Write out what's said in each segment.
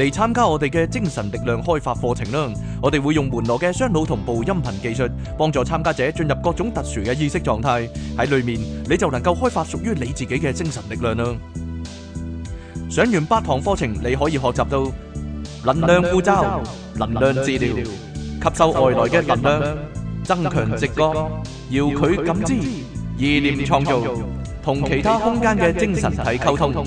嚟參加我哋嘅精神力量開發課程啦！我哋會用門羅嘅雙腦同步音頻技術，幫助參加者進入各種特殊嘅意識狀態。喺裡面你就能夠開發屬於你自己嘅精神力量啦！上完八堂課程，你可以學習到能量護罩、能量治療、吸收外來嘅能量、增強直覺、遙距感知、意念創造、同其他空間嘅精神體溝通。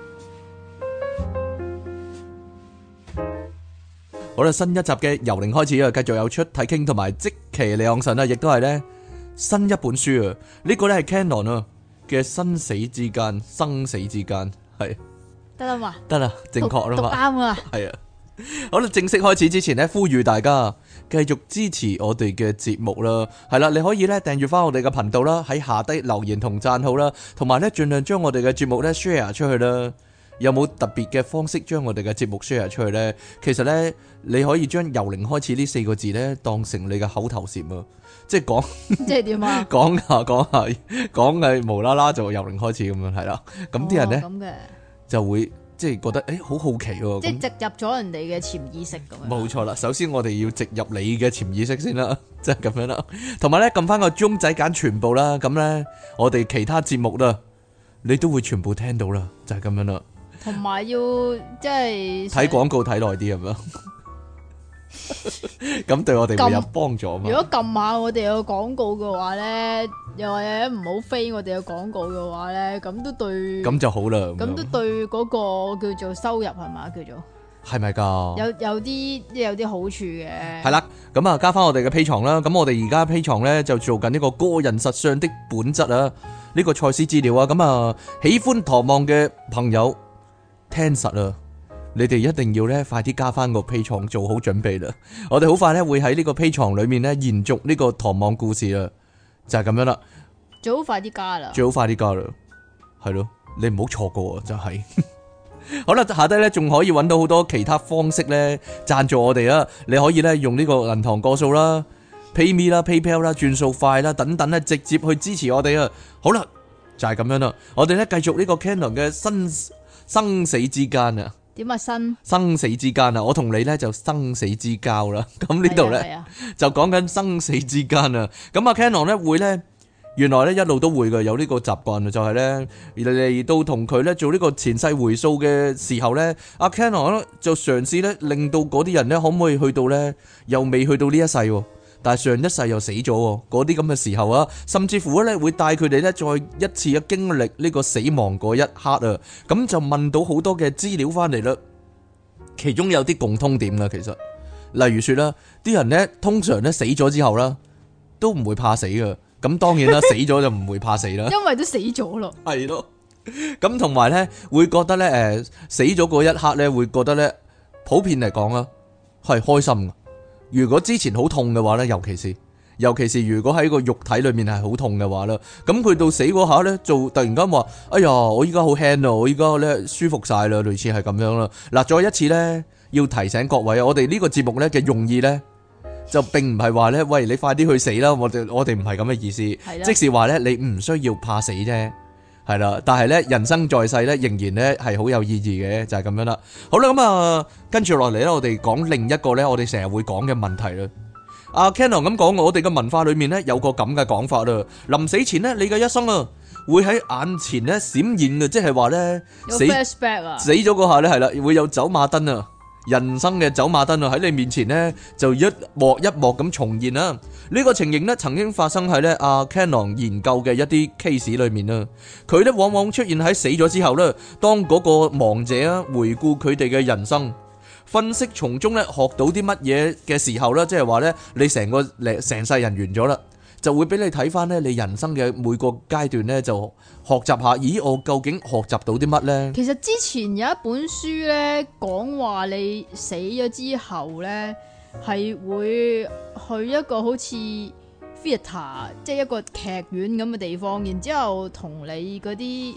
好啦，新一集嘅由零開始啊，繼續有出睇傾同埋即期李昂神啦，亦都係咧新一本書啊，呢、呢個咧係 Canon 啊嘅生死之間，生死之間係得啦嘛？得啦嗎？正確啦嘛？啱啊，係啊。好啦，正式開始之前咧，呼籲大家繼續支持我哋嘅節目啦，係啦，你可以咧訂閱翻我哋嘅頻道啦，喺下低留言同讚好啦，同埋咧盡量將我哋嘅節目咧 share 出去啦。有冇特別嘅方式將我哋嘅節目 share 出去咧？其實咧，你可以將由零開始呢四個字咧，當成你嘅口頭禪啊，即係講，即係點、欸、啊？講下講下講係無啦啦就由零開始咁樣係啦，咁啲、嗯、人咧就會即係覺得誒好好奇喎，即係植入咗人哋嘅潛意識咁樣。冇錯啦，首先我哋要植入你嘅潛意識先啦，即係咁樣啦。同埋咧，撳翻個鐘仔揀全部啦，咁咧我哋其他節目啦，你都會全部聽到、就是、啦，就係、是、咁樣啦。同埋要即係睇廣告睇耐啲咁樣，咁對我哋有幫助嘛？如果撳下我哋嘅廣告嘅話咧，又或者唔好飛我哋嘅廣告嘅話咧，咁都對咁就好啦。咁都對嗰個叫做收入係嘛，叫做係咪噶？有，有啲有啲好處嘅係啦。咁啊，加翻我哋嘅 Patreon 啦。咁我哋而家 Patreon 咧就做緊呢個個人實相的本質啊，呢個賽斯資料啊。咁啊，喜歡唐望嘅朋友。聽實啦，你哋一定要咧快啲加翻個 Patreon 做好準備啦。我哋好快咧會喺呢個 Patreon 裏面咧延續呢個唐望故事啦，就係、是、咁樣啦。最好快啲加啦，最好快啲加啦，係咯，你唔好錯過啊，就係、是。 好啦，下低咧仲可以揾到好多其他方式咧讚助我哋啊。你可以咧用呢個銀行過數啦、PayMe 啦 Pay、PayPal 啦、轉數快啦等等咧直接去支持我哋啊。好啦，就係、是、咁樣啦。我哋咧繼續呢個 Canon 嘅新。生死之間啊？點啊生？生死之間啊！我同你咧就生死之交啦。咁呢度咧就講緊生死之間啊。咁啊，Kenon 咧會咧，原來咧一路都會嘅有呢個習慣啊，就係咧嚟到同佢咧做呢個前世回溯嘅時候咧，阿 Kenon 就嘗試咧令到嗰啲人咧可唔可以去到咧又未去到呢一世喎。但係上一世又死咗喎，嗰啲咁嘅時候啊，甚至乎咧會帶佢哋咧再一次嘅經歷呢個死亡嗰一刻啊，咁就問到好多嘅資料翻嚟啦，其中有啲共通點啦，其實，例如說啦，啲人咧通常咧死咗之後啦，都唔會怕死噶。咁當然啦， 死咗就唔會怕死啦，因為都死咗咯，係咯。咁同埋咧會覺得咧，誒，死咗嗰一刻咧會覺得咧，普遍嚟講啊，係開心。如果之前好痛嘅話呢，尤其是尤其是如果喺個肉體裏面係好痛嘅話呢，咁佢到死嗰下呢，就突然間話：哎呀，我依家好輕啊，我依家咧舒服晒啦，類似係咁樣啦。嗱，再一次呢，要提醒各位，我哋呢個節目呢嘅用意呢，就並唔係話呢：「喂，你快啲去死啦，我哋我哋唔係咁嘅意思，是的即是話呢，你唔需要怕死啫。係啦，但係咧，人生在世咧，仍然咧係好有意義嘅，就係，是，咁樣啦。好啦，咁，嗯，啊，跟住落嚟咧，我哋講另一個咧，啊，我哋成日會講嘅問題啦。阿 Kenon 咁講，我哋嘅文化裏面咧，有個咁嘅講法啦。臨死前呢，你嘅一生啊，會喺眼前咧閃現啊，即係話咧死死咗嗰下咧，係啦，會有走馬燈啊。人生嘅走馬燈啊，喺你面前呢，就一幕一幕咁重現啦。呢、這個情形咧曾經發生喺咧阿 Kenon 研究嘅一啲 case 裏面啦。佢咧往往出現喺死咗之後咧，當嗰個亡者啊回顧佢哋嘅人生，分析從中咧學到啲乜嘢嘅時候咧，即係話咧你成個成世人完咗啦。就會俾你睇翻咧，你人生嘅每個階段咧，就學習下。咦，我究竟學習到啲乜咧？其實之前有一本書咧，講話你死咗之後咧，係會去一個好似 theater，即係一個劇院咁嘅地方，然之後同你嗰啲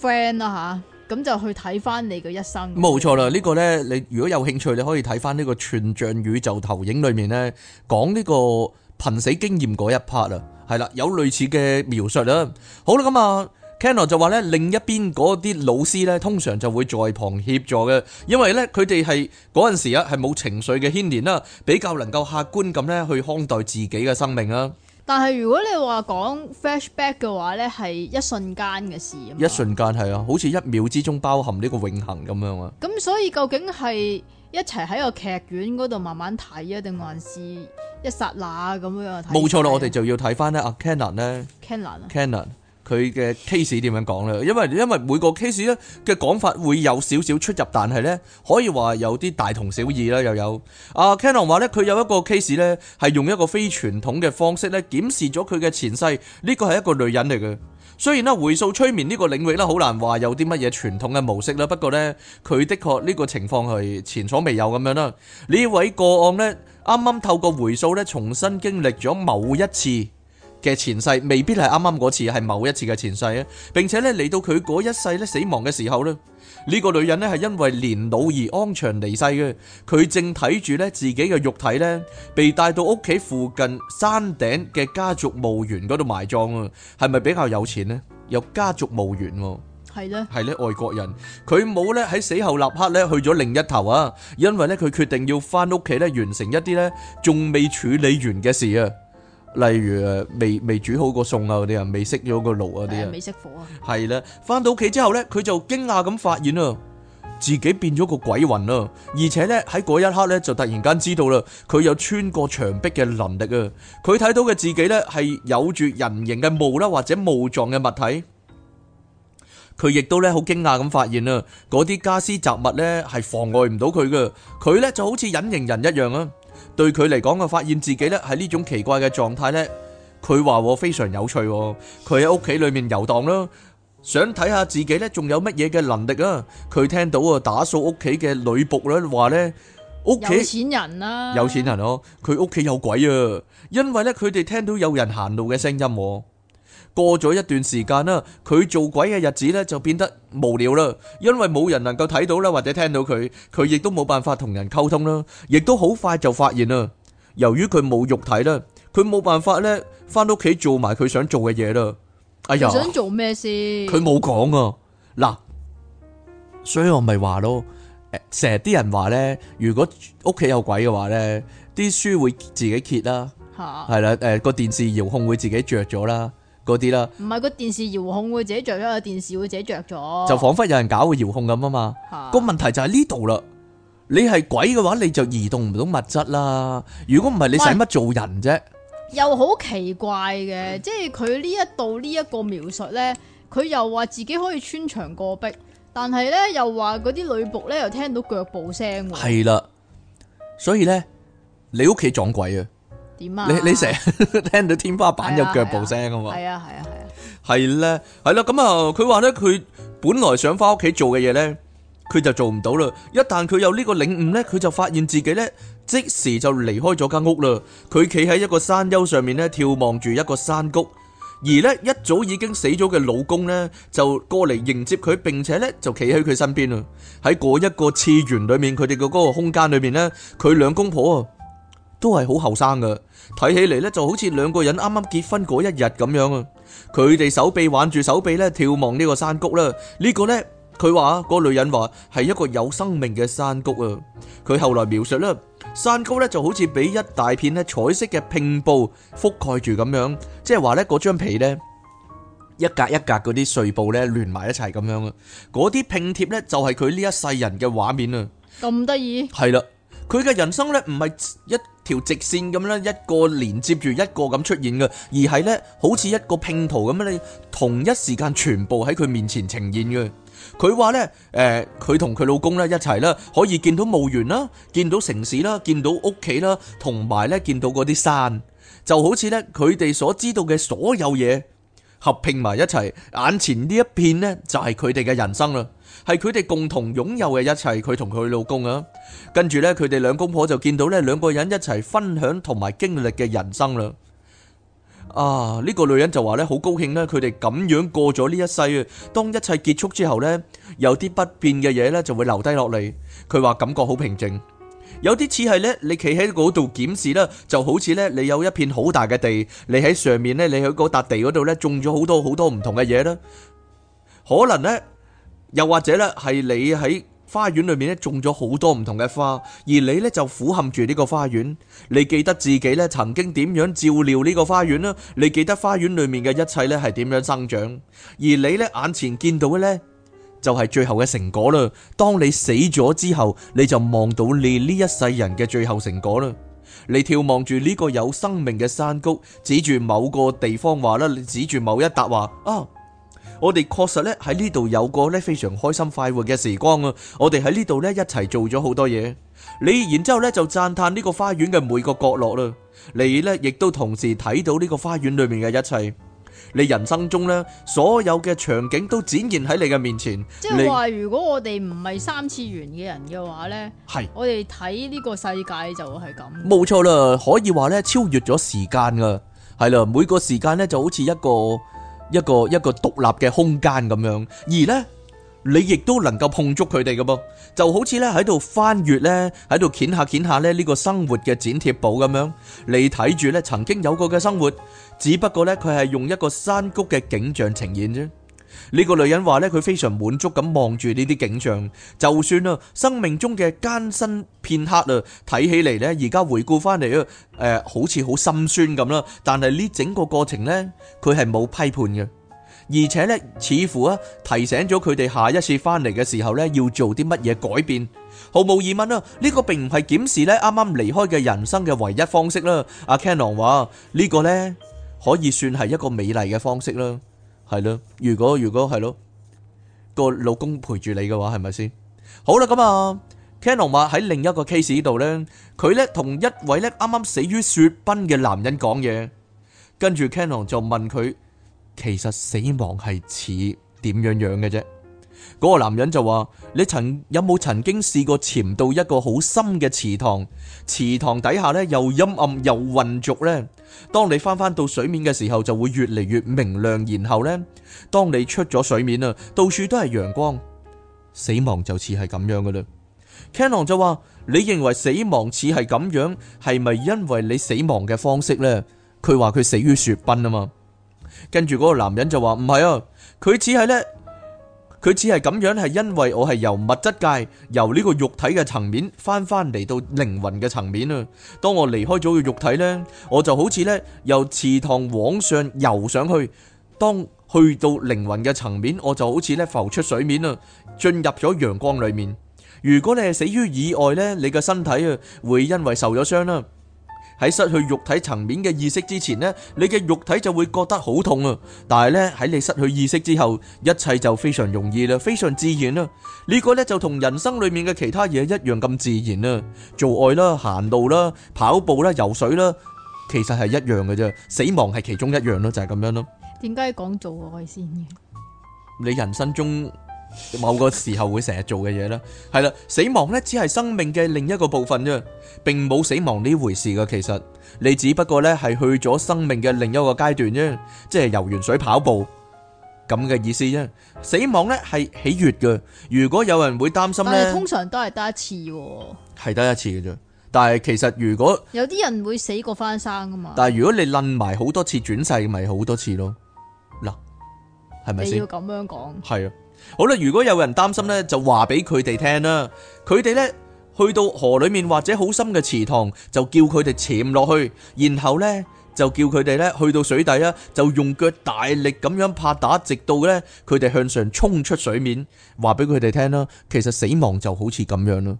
friend 啊。吓咁就去睇翻你嘅一生。冇錯啦，呢個咧，你如果有興趣，你可以睇翻呢個《全像宇宙投影》裏面咧，講呢個。瀕死經驗嗰一 part 啊，係啦，有類似嘅描述啦。好啦，咁啊，Kenner 就話咧，另一邊嗰啲老師咧，通常就會在旁協助嘅，因為咧，佢哋係嗰陣時啊係冇情緒嘅牽連啦，比較能夠客觀咁咧去看待自己嘅生命啊。但係如果你話講 flashback 話講 flashback 嘅話咧，係一瞬間嘅事。一瞬間係啊，好似一秒之中包含呢個永恆咁樣啊。咁所以究竟係？一齊喺個劇院嗰度慢慢睇啊，定還是一剎那咁樣睇？冇錯啦，我哋就要睇返咧啊，Cannon 咧，Cannon，Cannon 佢嘅 case 點樣講咧？因為因為每個 case 咧嘅講法會有少少出入，但係咧可以話有啲大同小異啦。又有啊，Cannon 話咧，佢有一個 case 咧，係用一個非傳統嘅方式咧，檢視咗佢嘅前世。呢個係一個女人嚟嘅。雖然咧回溯催眠呢個領域咧，好難話有啲乜嘢傳統嘅模式啦。不過呢，佢的確呢個情況係前所未有咁樣啦。呢位個案呢，啱啱透過回溯咧，重新經歷咗某一次嘅前世，未必係啱啱嗰次係某一次嘅前世啊。並且呢，嚟到佢嗰一世咧死亡嘅時候呢。呢個女人咧係因為年老而安詳離世嘅，佢正睇住咧自己嘅肉體咧，被帶到屋企附近山頂嘅家族墓園嗰度埋葬啊！係咪比較有錢咧？有家族墓園，係咧，係咧，外國人，佢冇咧喺死後立刻咧去咗另一頭啊，因為咧佢決定要翻屋企咧完成一啲咧仲未處理完嘅事啊！例如誒，未未煮好個餸啊，嗰啲啊，未熄咗個爐嗰啲啊，未熄火啊，係啦，翻到屋企之後咧，佢就驚訝咁發現啊，自己變咗個鬼魂啊，而且咧喺嗰一刻咧，就突然間知道啦，佢有穿過牆壁嘅能力啊，佢睇到嘅自己咧係有住人形嘅霧啦，或者霧狀嘅物體，佢亦都咧好驚訝咁發現啊，嗰啲家私雜物咧係妨礙唔到佢噶，佢咧就好似隱形人一樣啊。對佢嚟講，嘅，發現自己咧喺呢種奇怪嘅狀態呢，佢話我非常有趣。佢喺屋企裏面遊蕩啦，想睇下自己呢仲,有乜嘢嘅能力啊。佢聽到啊，打掃屋企嘅女僕咧，話咧屋企有錢人啦，啊，有錢人咯。佢屋企有鬼啊，因為呢，佢哋聽到有人行路嘅聲音。過咗一段時間啦，佢做鬼嘅日子咧就變得無聊啦，因為冇人能夠睇到啦，或者聽到佢，佢亦都冇辦法同人溝通啦，亦都好快就發現啦。由於佢冇肉體啦，佢冇辦法咧翻到屋企做埋佢想做嘅嘢啦。哎呀，想做咩先？佢冇講啊，嗱，所以我咪話咯，誒，成日啲人話咧，如果屋企有鬼嘅話咧，啲書會自己揭啦，係啦，誒，個電視遙控會自己着咗啦。嗰啲啦，唔係個電視遙控會自己着咗，電視會自己着咗，就仿佛有人搞個遙控咁啊嘛。個、啊、問題就係呢度啦，你係鬼嘅話，你就移動唔到物質啦。如果唔係，你使乜做人啫？又好奇怪嘅，即係佢呢一度呢一個描述呢，佢又話自己可以穿牆過壁，但係呢又話嗰啲女僕呢又聽到腳步聲。係啦，所以呢，你屋企撞鬼啊！點啊！你你成日聽到天花板有腳步聲㗎嘛。係啊，係啊，係啊，係咧，係啦，咁啊！佢話咧，佢本來想翻屋企做嘅嘢咧，佢就做唔到啦。一旦佢有呢個領悟咧，佢就發現自己咧即時就離開咗間屋啦。佢企喺一個山丘上面咧，眺望住一個山谷，而咧一早已經死咗嘅老公咧就過嚟迎接佢，並且咧就企喺佢身邊啊。喺嗰一個次元裏面，佢哋嘅嗰個空間裏面咧，佢兩公婆啊。都係好後生㗎，睇起嚟咧就好似兩個人啱啱結婚嗰一日咁樣啊！佢哋手臂挽住手臂咧，眺望呢個山谷啦。呢個咧，佢話啊，嗰個女人話係一個有生命嘅山谷啊。佢後來描述啦，山谷咧就好似俾一大片咧彩色嘅拼布覆蓋住咁樣，即係話咧嗰張皮咧一格一格嗰啲碎布咧連埋一齊咁樣啊。嗰啲拼貼咧就係佢呢一世人嘅畫面啊！咁得意係啦。佢嘅人生呢，唔係一條直線咁樣，一個連接住一個咁出現嘅，而係呢，好似一個拼圖咁樣咧，同一時間全部喺佢面前呈現嘅。佢話呢，誒、呃，佢同佢老公咧一齊啦，可以見到墓園啦，見到城市啦，見到屋企啦，同埋咧見到嗰啲山，就好似呢，佢哋所知道嘅所有嘢合拼埋一齊，眼前呢一片呢，就係佢哋嘅人生啦。係佢哋共同擁有嘅一切，佢同佢老公啊，跟住呢，佢哋兩公婆就見到呢兩個人一齊分享同埋經歷嘅人生啦。啊，呢個女人就話呢好高興呢，佢哋咁樣過咗呢一世啊。當一切結束之後呢，有啲不變嘅嘢呢就會留低落嚟。佢話感覺好平靜，有啲似係呢你企喺嗰度檢視啦，就好似呢你有一片好大嘅地，你喺上面呢你喺嗰笪地嗰度呢種咗好多好多唔同嘅嘢啦，可能呢。又或者咧，係你喺花園裏面咧種咗好多唔同嘅花，而你呢就俯瞰住呢個花園。你記得自己咧曾經點樣照料呢個花園啦？你記得花園裏面嘅一切咧係點樣生長？而你呢眼前見到嘅呢，就係最後嘅成果啦。當你死咗之後，你就望到你呢一世人嘅最後成果啦。你眺望住呢個有生命嘅山谷，指住某個地方話啦，指住某一笪話啊。我哋確實咧喺呢度有個咧非常開心快活嘅時光啊！我哋喺呢度咧一齊做咗好多嘢。你然之後咧就讚嘆呢個花園嘅每個角落啦。你咧亦都同時睇到呢個花園裏面嘅一切。你人生中咧所有嘅場景都展現喺你嘅面前。即係是話你如果我哋唔係三次元嘅人嘅話咧，係是我哋睇呢個世界就係咁。冇錯啦，可以話咧超越咗時間噶，係啦，每個時間咧就好似一個，一個一個獨立嘅空間咁樣，而呢，你亦都能夠碰觸佢哋嘅噃，就好似呢，喺度翻閱呢，喺度掀下掀下咧呢個生活嘅剪貼簿咁樣，你睇住呢曾經有過嘅生活，只不過呢，佢係用一個山谷嘅景象呈現啫。呢個女人話咧，佢非常滿足咁望住呢啲景象，就算啊，生命中嘅艱辛片刻啊，睇起嚟咧，而家回顧翻嚟啊，誒，好似好心酸咁啦。但係呢，整個過程咧，佢係冇批判嘅，而且咧，似乎啊，提醒咗佢哋下一次翻嚟嘅時候咧，要做啲乜嘢改變。毫無疑問啦，呢個並唔係檢視咧啱啱離開嘅人生嘅唯一方式啦。阿 Kenon 話，呢個咧可以算係一個美麗嘅方式啦。係咯，如果如果係咯，個老公陪住你嘅話，係咪先？好啦，咁啊，Cannon 話喺另一個 case 度咧，佢咧同一位咧啱啱死於雪崩嘅男人講嘢，跟住 Cannon 就問佢，其實死亡係似點樣樣嘅啫？嗰個男人就話：你曾有冇曾經試過潛到一個好深嘅池塘？池塘底下咧又陰暗又混濁呢。當你返返到水面嘅時候，就會越嚟越明亮。然後呢，當你出咗水面啊，到處都係陽光。死亡就似係咁樣嘅嘞。Cannon 就話：你認為死亡似係咁樣，係咪因為你死亡嘅方式呢？佢話佢死於雪崩啊嘛。跟住嗰個男人就話：唔係啊，佢似係呢。」佢只係咁樣，係因為我係由物質界，由呢個肉體嘅層面翻翻嚟到靈魂嘅層面啊！當我離開咗個肉體呢，我就好似咧由池塘往上游上去，當去到靈魂嘅層面，我就好似咧浮出水面啊，進入咗陽光裏面。如果你係死於意外呢，你嘅身體啊會因為受咗傷啦。喺失去肉體層面嘅意識之前呢，你嘅肉體就會覺得好痛啊！但係呢，喺你失去意識之後，一切就非常容易啦，非常自然啦。呢個呢就同人生裏面嘅其他嘢一樣咁自然啦。做愛啦，行路啦，跑步啦，游水啦，其實係一樣嘅啫。死亡係其中一樣咯，就係咁樣咯。點解要講做愛先嘅？你人生中，某個時候會成日做嘅嘢啦，係啦，死亡咧只係生命嘅另一個部分啫，並冇死亡呢回事噶其實你只不過咧係去咗生命嘅另一個階段啫，即係游完水跑步咁嘅意思啫。死亡咧係喜悦噶如果有人會擔心咧，通常都係得一次，係得一次嘅啫。但係其實如果有啲人會死過翻生噶嘛，但係如果你冧埋好多次轉世咪好多次咯。嗱，係咪先？你要咁樣講係啊。好啦，如果有人擔心咧，就話俾佢哋聽啦。佢哋咧去到河裏面或者好深嘅池塘，就叫佢哋潛落去，然後咧就叫佢哋咧去到水底啊，就用腳大力咁樣拍打，直到咧佢哋向上衝出水面。話俾佢哋聽啦，其實死亡就好似咁樣啦，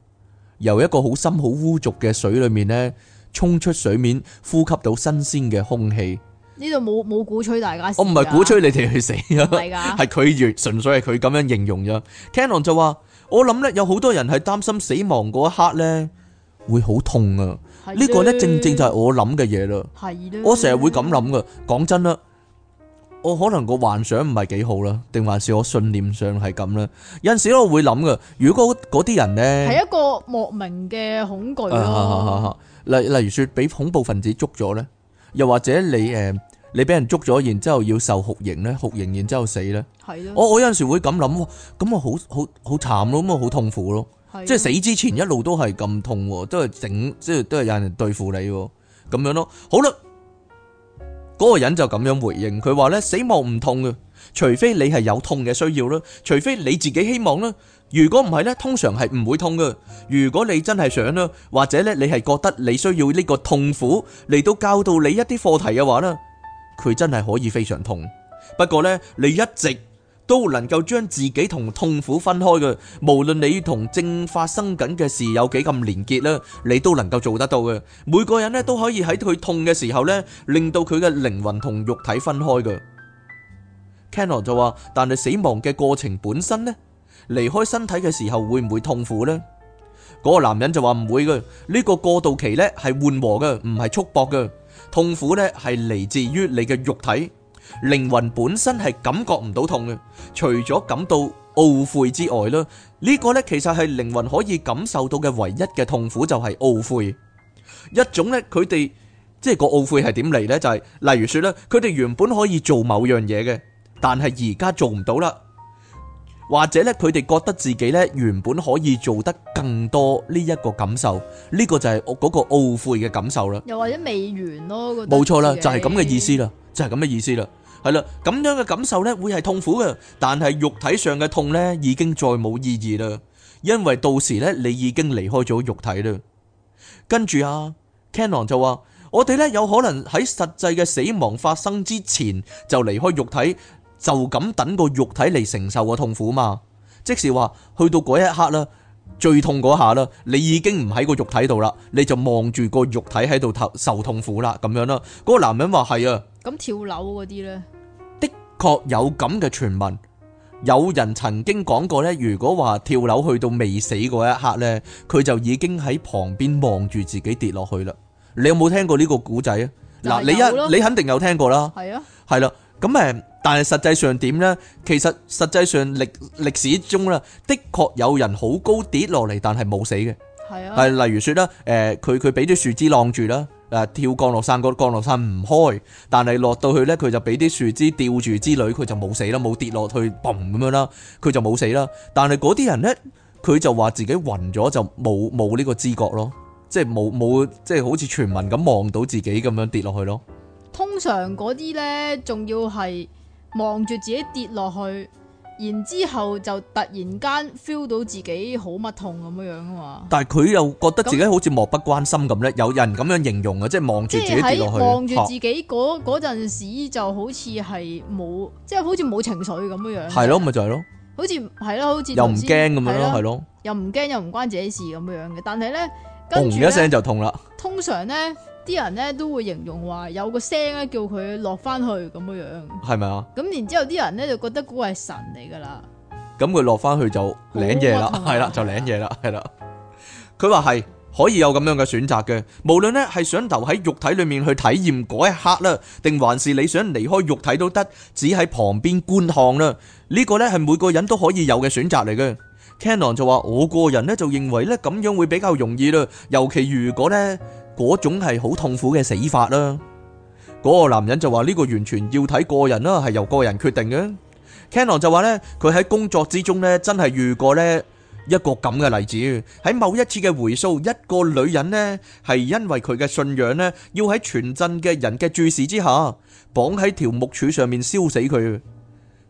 由一個好深好污濁嘅水裏面咧衝出水面，呼吸到新鮮嘅空氣。呢度冇冇鼓吹大家死，我唔係鼓吹你哋去死，係佢而純粹係佢咁樣形容啫。Canon 就話：我諗咧，有好多人係擔心死亡嗰一刻咧會好痛啊。呢個咧正正就係我諗嘅嘢啦。係咧，我成日會咁諗噶。講真啦，我可能個幻想唔係幾好啦，定還是我信念上係咁咧。有陣時我會諗噶，如果嗰啲人咧，係一個莫名嘅恐懼咯。吓吓吓吓！例例如說，俾恐怖分子捉咗咧，又或者你誒。你俾人捉咗，然之後要受酷刑咧，酷刑然之後死咧，係咯。我我有陣時會咁諗，咁我好好好慘咯，咁我好痛苦咯，即係死之前一路都係咁痛，都係整，即係都係有人對付你咁樣咯。好啦，嗰個人就咁樣回應佢話咧，死亡唔痛嘅，除非你係有痛嘅需要啦，除非你自己希望啦。如果唔係咧，通常係唔會痛嘅。如果你真係想啦，或者咧你係覺得你需要呢個痛苦嚟到教導你一啲課題嘅話咧。佢真係可以非常痛，不過呢，你一直都能夠將自己同痛苦分開嘅。無論你同正發生緊嘅事有幾咁連結啦，你都能夠做得到嘅。每個人呢，都可以喺佢痛嘅時候呢，令到佢嘅靈魂同肉體分開嘅。Kenneth 就話：但係死亡嘅過程本身呢，離開身體嘅時候會唔會痛苦呢？嗰、那個男人就話唔會嘅，呢、這個過渡期呢，係緩和嘅，唔係束縛嘅。痛苦咧係嚟自於你嘅肉體，靈魂本身係感覺唔到痛嘅，除咗感到懊悔之外啦，呢個咧其實係靈魂可以感受到嘅唯一嘅痛苦就係懊悔。一種咧佢哋即係個懊悔係點嚟咧？就係例如說咧佢哋原本可以做某樣嘢嘅，但係而家做唔到啦。或者咧，佢哋覺得自己咧原本可以做得更多呢一個感受，呢個就係我嗰個懊悔嘅感受啦。又或者未完咯，冇錯啦，就係咁嘅意思啦，就係咁嘅意思啦，係啦，咁樣嘅感受咧會係痛苦嘅，但係肉體上嘅痛咧已經再冇意義啦，因為到時咧你已經離開咗肉體啦。跟住啊，Canon 就話：我哋咧有可能喺實際嘅死亡發生之前就離開肉體。就咁等個肉體嚟承受個痛苦嘛，即是話去到嗰一刻啦，最痛嗰下啦，你已經唔喺個肉體度啦，你就望住個肉體喺度受痛苦啦，咁樣啦。嗰個男人話係啊，咁跳樓嗰啲呢，的確有咁嘅傳聞。有人曾經講過呢，如果話跳樓去到未死嗰一刻呢，佢就已經喺旁邊望住自己跌落去啦。你有冇聽過呢個古仔啊？嗱，你一你肯定有聽過啦，係啊，係啦。咁誒，但係實際上點呢？其實實際上歷歷史中啦，的確有人好高跌落嚟，但係冇死嘅。係的、呃、啊。例如説啦，誒佢佢俾啲樹枝攔住啦，誒跳降落傘，降落傘唔開，但係落到去呢，佢就俾啲樹枝吊住之類，佢就冇死啦，冇跌落去嘣咁樣啦，佢就冇死啦。但係嗰啲人呢，佢就話自己暈咗就冇冇呢個知覺咯，即係冇冇即係好似全民咁望到自己咁樣跌落去咯。通常嗰啲咧，仲要係望住自己跌落去，然之後就突然間 feel 到自己好乜痛咁樣樣啊嘛！但係佢又覺得自己好似漠不關心咁咧，嗯、有人咁樣形容嘅，即係望住自己跌落去，望住自己嗰嗰陣時就好似係冇，即係好似冇情緒咁樣樣。係咯，咪就係咯，好似係咯，好似又唔驚咁樣咯，係咯，又唔驚又唔關自己事咁樣樣嘅。但係咧，跟住一聲就痛啦。通常咧。啲人咧都會形容話有個聲咧叫佢落翻去咁樣樣，係咪啊？咁然之後啲人咧就覺得嗰個係神嚟噶啦。咁佢落翻去就領嘢啦，係啦，就領嘢啦，係啦。佢話係可以有咁樣嘅選擇嘅，無論咧係想留喺肉體裡面去體驗嗰一刻啦，定還是你想離開肉體都得，只喺旁邊觀看啦。呢、這個咧係每個人都可以有嘅選擇嚟嘅。Canon 就話：我個人咧就認為咧咁樣會比較容易啦，尤其如果咧。嗰種係好痛苦嘅死法啦，嗰、那個男人就話呢個完全要睇個人啦，係由個人決定嘅。Cannon 就話呢佢喺工作之中呢，真係遇過呢一個咁嘅例子，喺某一次嘅回溯，一個女人呢，係因為佢嘅信仰呢，要喺全鎮嘅人嘅注視之下，綁喺條木柱上面燒死佢。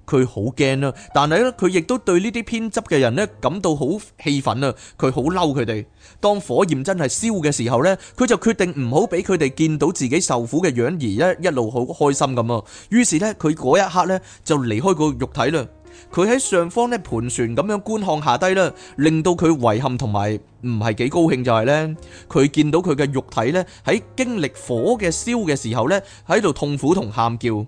佢好驚啦，但係咧，佢亦都對呢啲偏執嘅人咧感到好氣憤啊！佢好嬲佢哋，當火焰真係燒嘅時候咧，佢就決定唔好俾佢哋見到自己受苦嘅樣，而一一路好開心咁啊！於是咧，佢嗰一刻咧就離開個肉體啦。佢喺上方咧盤旋咁樣觀看下低啦，令到佢遺憾同埋唔係幾高興就係咧，佢見到佢嘅肉體咧喺經歷火嘅燒嘅時候咧喺度痛苦同喊叫。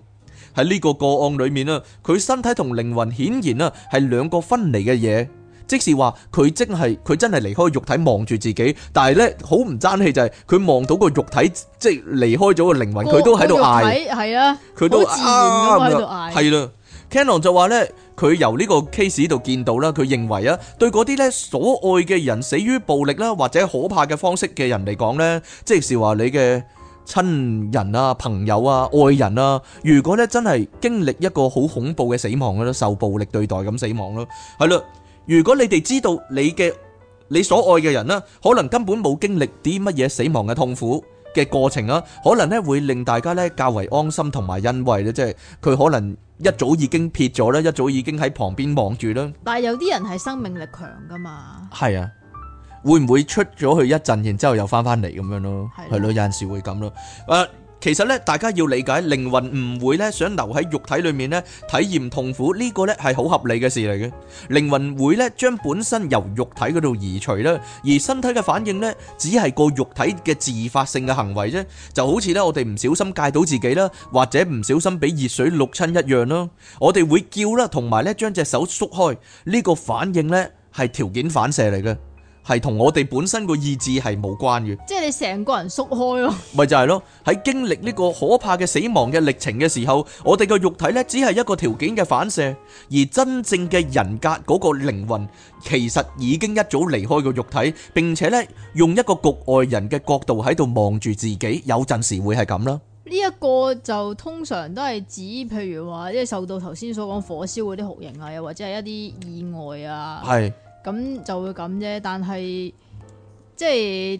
喺呢個個案裏面啊，佢身體同靈魂顯然啊係兩個分離嘅嘢，即是話佢即係佢真係離開肉體望住自己，但係咧好唔爭氣就係佢望到個肉體即係離開咗個靈魂，佢我都喺度嗌，係啊，佢都嗌。係啦。Kenon 就話咧，佢由呢個 case 度見到啦，佢認為啊，對嗰啲咧所愛嘅人死於暴力啦或者可怕嘅方式嘅人嚟講咧，即是話你嘅。親人啊、朋友啊、愛人啊，如果咧真係經歷一個好恐怖嘅死亡，受暴力對待咁死亡咯，係啦。如果你哋知道你嘅你所愛嘅人呢，可能根本冇經歷啲乜嘢死亡嘅痛苦嘅過程啊，可能呢會令大家呢較為安心同埋欣慰咧，即係佢可能一早已經撇咗啦，一早已經喺旁邊望住啦。但係有啲人係生命力強噶嘛？係啊。會唔會出咗去一陣，然之後又翻返嚟咁樣咯？係咯的，有陣時會咁咯。誒、呃，其實咧，大家要理解靈魂唔會咧想留喺肉體裏面咧體驗痛苦呢、呢個咧係好合理嘅事嚟嘅。靈魂會咧將本身由肉體嗰度移除啦，而身體嘅反應咧只係個肉體嘅自發性嘅行為啫。就好似咧我哋唔小心戒到自己啦，或者唔小心俾熱水渌親一樣咯。我哋會叫啦，同埋咧將隻手縮開，呢、呢個反應咧係條件反射嚟嘅。係同我哋本身個意志係冇關嘅，即係你成個人縮開咯，咪 就係咯。喺經歷呢個可怕嘅死亡嘅歷程嘅時候，我哋嘅肉體呢，只係一個條件嘅反射，而真正嘅人格嗰個靈魂，其實已經一早離開個肉體，並且呢，用一個局外人嘅角度喺度望住自己，有陣時會係咁啦。呢一個就通常都係指，譬如話即係受到頭先所講火燒嗰啲酷刑啊，又或者係一啲意外啊，係。咁就會咁啫，但係即係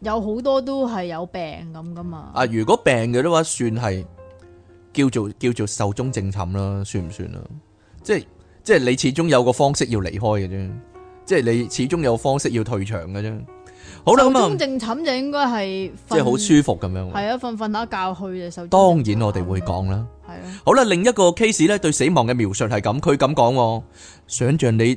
有好多都係有病咁噶嘛。啊，如果病嘅話，算係叫做叫做壽終正寢啦，算唔算啊？即係即係你始終有個方式要離開嘅啫，即係你始終有方式要退場嘅啫。好啦，壽終正寢就應該係即係好舒服咁樣。係啊，瞓瞓下覺去就壽終正寢。當然我哋會講啦。係啊。好啦，另一個 case 咧，對死亡嘅描述係咁，佢咁講，想象你。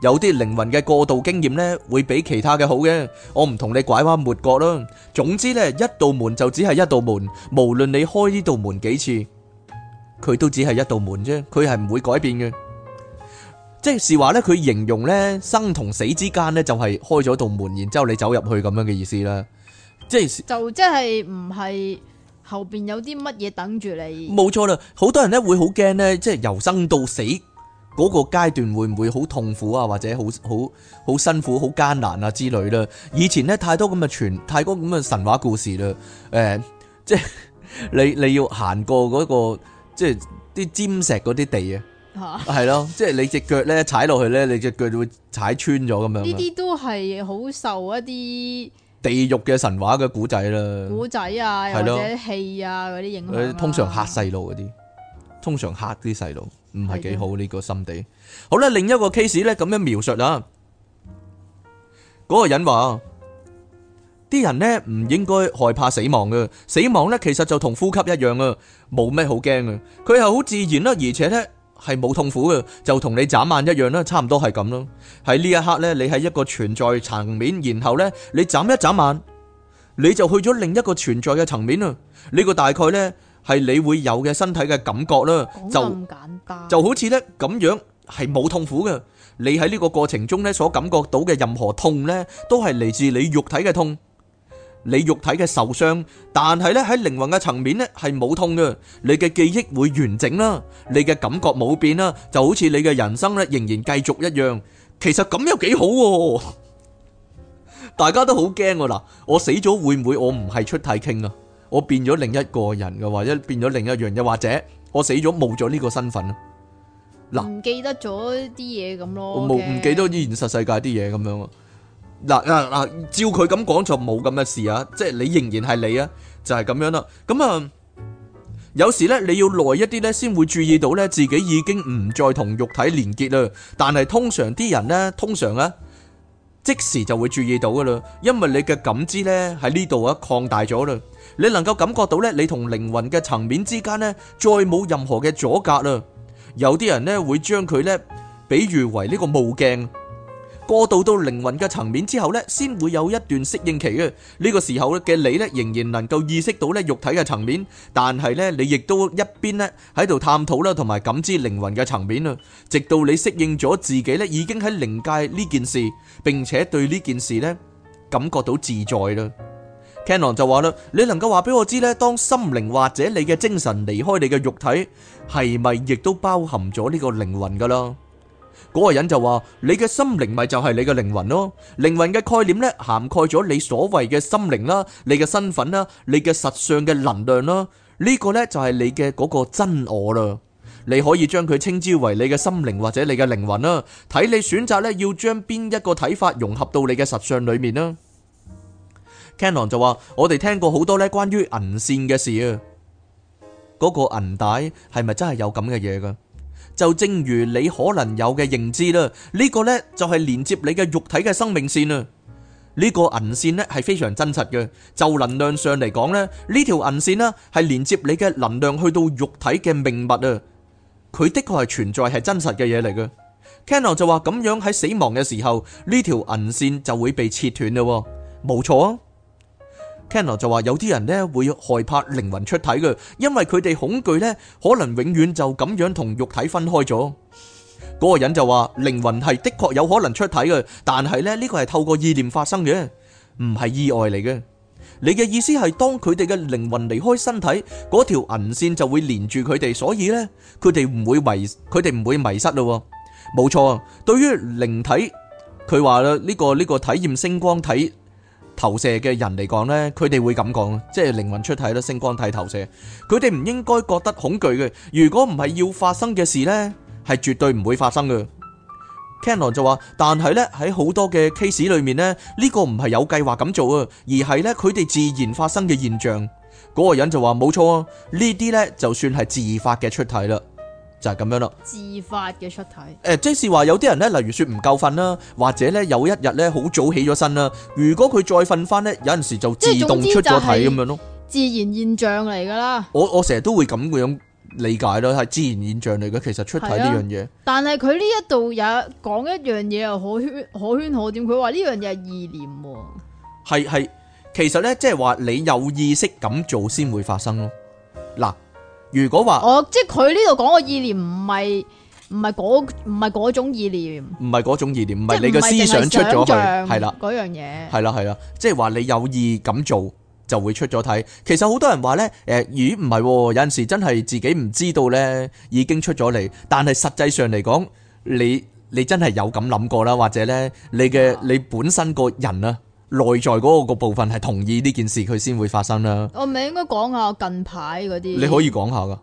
有啲靈魂嘅過渡經驗呢，會比其他嘅好嘅。我唔同你拐彎抹角啦。總之呢，一道門就只係一道門，無論你開呢道門幾次，佢都只係一道門啫。佢係唔會改變嘅。即係話呢，佢形容呢生同死之間呢就係開咗道門，然之後你走入去咁樣嘅意思啦。即係就即係唔係後邊有啲乜嘢等住你？冇錯啦，好多人呢會好驚呢，即係由生到死。嗰個階段會唔會好痛苦啊，或者好好好辛苦、好艱難啊之類咧？以前咧太多咁嘅傳，太多咁嘅神話故事啦。誒、欸，即係你你要行過嗰，那個，即係啲尖石嗰啲地啊，係咯，即係你隻腳咧踩落去咧，你隻腳就會踩穿咗咁樣。呢啲都係好受一啲地獄嘅神話嘅古仔啦，古仔啊，係咯，或者戲啊，嗰啲影響，啊，通常吓細路嗰啲，通常吓啲細路。唔係幾好呢的個心地。好啦，另一個 case 咧咁樣描述啦，嗰 個人話：啲 人呢，唔應該害怕死亡嘅，死亡呢，其實就同呼吸一樣啊，冇咩好驚啊。佢係好自然啦，而且呢，係冇痛苦嘅，就同你眨眼一樣啦，差唔多係咁咯。喺呢一刻呢，你喺一個存在層面，然後呢，你眨一眨眼，你就去咗另一個存在嘅層面啊。呢、呢個大概呢。係你會有嘅身體嘅感覺啦，就就好似咧咁樣，係冇痛苦嘅。你喺呢個過程中咧所感覺到嘅任何痛咧，都係嚟自你肉體嘅痛，你肉體嘅受傷。但係咧喺靈魂嘅層面咧係冇痛嘅。你嘅記憶會完整啦，你嘅感覺冇變啦，就好似你嘅人生咧仍然繼續一樣。其實咁又幾好，大家都好驚啊！嗱，我死咗會唔會我唔係出體傾啊？我變咗另一個人嘅，或者變咗另一樣，又或者我死咗冇咗呢個身份啦。嗱，唔記得咗啲嘢咁咯，我冇唔記得啲現實世界啲嘢咁樣咯。嗱嗱嗱，照佢咁講就冇咁嘅事啊！即係你仍然係你啊，就係咁樣啦。咁啊，有時咧你要耐一啲咧，先會注意到咧自己已經唔再同肉體連結啦。但係通常啲人咧，通常啊即時就會注意到噶啦，因為你嘅感知咧喺呢度啊擴大咗啦。你能夠感覺到咧，你同靈魂嘅層面之間呢，再冇任何嘅阻隔啦。有啲人呢，會將佢呢比喻為呢個霧鏡。過渡到靈魂嘅層面之後呢，先會有一段適應期啊。呢個時候咧嘅你呢，仍然能夠意識到呢肉體嘅層面，但係呢，你亦都一邊呢喺度探討啦，同埋感知靈魂嘅層面啦。直到你適應咗自己呢已經喺靈界呢件事，並且對呢件事呢感覺到自在啦。Canon 就話啦，你能夠話俾我知咧，當心靈或者你嘅精神離開你嘅肉體，係咪亦都包含咗呢個靈魂噶啦？嗰個人就話：你嘅心靈咪就係你嘅靈魂咯，靈魂嘅概念咧涵蓋咗你所謂嘅心靈啦，你嘅身份啦，你嘅實相嘅能量啦，呢個咧就係你嘅嗰個真我啦。你可以將佢稱之為你嘅心靈或者你嘅靈魂啦，睇你選擇咧要將邊一個睇法融合到你嘅實相裡面啦。Canon 就話，我哋聽過好多咧關於銀線嘅事啊，嗰個銀帶係咪真係有咁嘅嘢噶？就正如你可能有嘅認知啦，呢個呢就係連接你嘅肉體嘅生命線啊。呢個銀線呢係非常真實嘅，就能量上嚟講呢，呢條銀線呢係連接你嘅能量去到肉體嘅命脈啊。佢的確係存在係真實嘅嘢嚟嘅。Canon 就話，咁樣喺死亡嘅時候，呢條銀線就會被切斷咯，冇錯啊。Kenner 就話，有啲人咧，會害怕靈魂出體嘅，因為佢哋恐懼咧，可能永遠就咁樣同肉體分開咗。嗰個人就話，靈魂係的確有可能出體嘅，但係咧，呢個係透過意念發生嘅，唔係意外嚟嘅。你嘅意思係當佢哋嘅靈魂離開身體，嗰條銀線就會連住佢哋，所以咧，佢哋唔會迷，佢哋唔會迷失咯。冇錯，對於靈體，佢話咧，呢個呢個體驗星光體投射嘅人嚟講呢，佢哋會咁講，即係靈魂出體啦，星光體投射，佢哋唔應該覺得恐懼嘅。如果唔係要發生嘅事呢，係絕對唔會發生嘅。Kenon 就話，但係呢，喺好多嘅 case 裏面呢，呢個唔係有計劃咁做啊，而係呢，佢哋自然發生嘅現象。嗰個人就話：冇錯啊，呢啲呢，就算係自發嘅出體啦。就係咁樣咯，自發嘅出體誒，即是話有啲人咧，例如說唔夠瞓啦，或者咧有一日咧好早起咗身啦，如果佢再瞓翻咧，有陣時就自動出咗體咁樣咯，自然現象嚟噶啦。我我成日都會咁樣理解咯，係自然現象嚟嘅。其實出體呢樣嘢，但係佢呢一度有講一樣嘢係可圈可圈可點，佢話呢樣嘢係意念喎，係係其實咧，即係話你有意識咁做先會發生咯，嗱。如果話，哦即係佢呢度講個意念唔係唔係嗰唔係嗰種意念，唔係嗰種意念，唔係你嘅思想出咗去，係啦嗰樣嘢，係啦係啦，即係話你有意咁做就會出咗體。其實好多人話呢，誒，咦唔係，有陣時真係自己唔知道呢，已經出咗嚟，但係實際上嚟講，你你真係有咁諗過啦，或者呢，你嘅你本身個人啊。內在嗰個部分係同意呢件事，佢先會發生啦。我咪應該講下近排嗰啲。你可以講下㗎，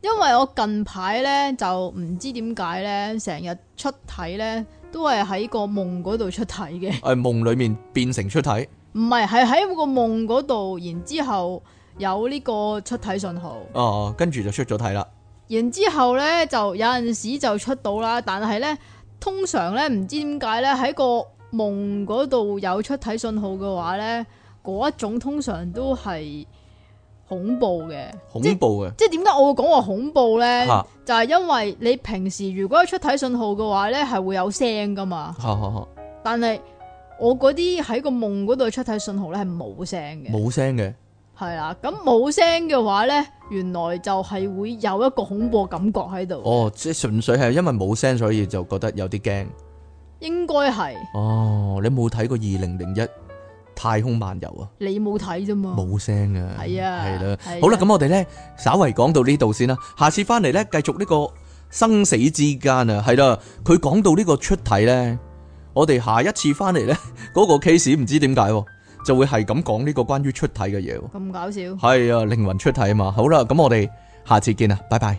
因為我近排呢，就唔知點解呢，成日出體呢，都係喺個夢嗰度出體嘅。誒、哎，夢裏面變成出體？唔係，係喺個夢嗰度，然之後有呢個出體信號。哦，跟住就出咗體啦。然之後咧就有陣時就出到啦，但係呢，通常呢，唔知點解呢，喺個。夢嗰度有出體信號嘅話呢，嗰一種通常都係恐怖嘅，恐怖嘅。即係點解我會講話恐怖呢？啊、就係因為你平時如果有出體信號嘅話呢，係會有聲噶嘛。啊啊啊、但係我嗰啲喺個夢嗰度出體信號呢，係冇聲嘅，冇聲嘅。係啦，咁冇聲嘅話呢，原來就係會有一個恐怖感覺喺度。哦，即係純粹係因為冇聲，所以就覺得有啲驚。應該係哦，你冇睇過二零零一太空漫遊啊？你冇睇啫嘛，冇聲啊，係啊，係啦，好啦，咁我哋咧，稍為講到呢度先啦，下次翻嚟咧，繼續呢個生死之間啊，係啦，佢講到呢個出體咧，我哋下一次翻嚟咧，嗰個 case 唔知點解就會係咁講呢個關於出體嘅嘢，咁搞笑係啊，靈魂出體啊嘛，好啦，咁我哋下次見啊，拜拜。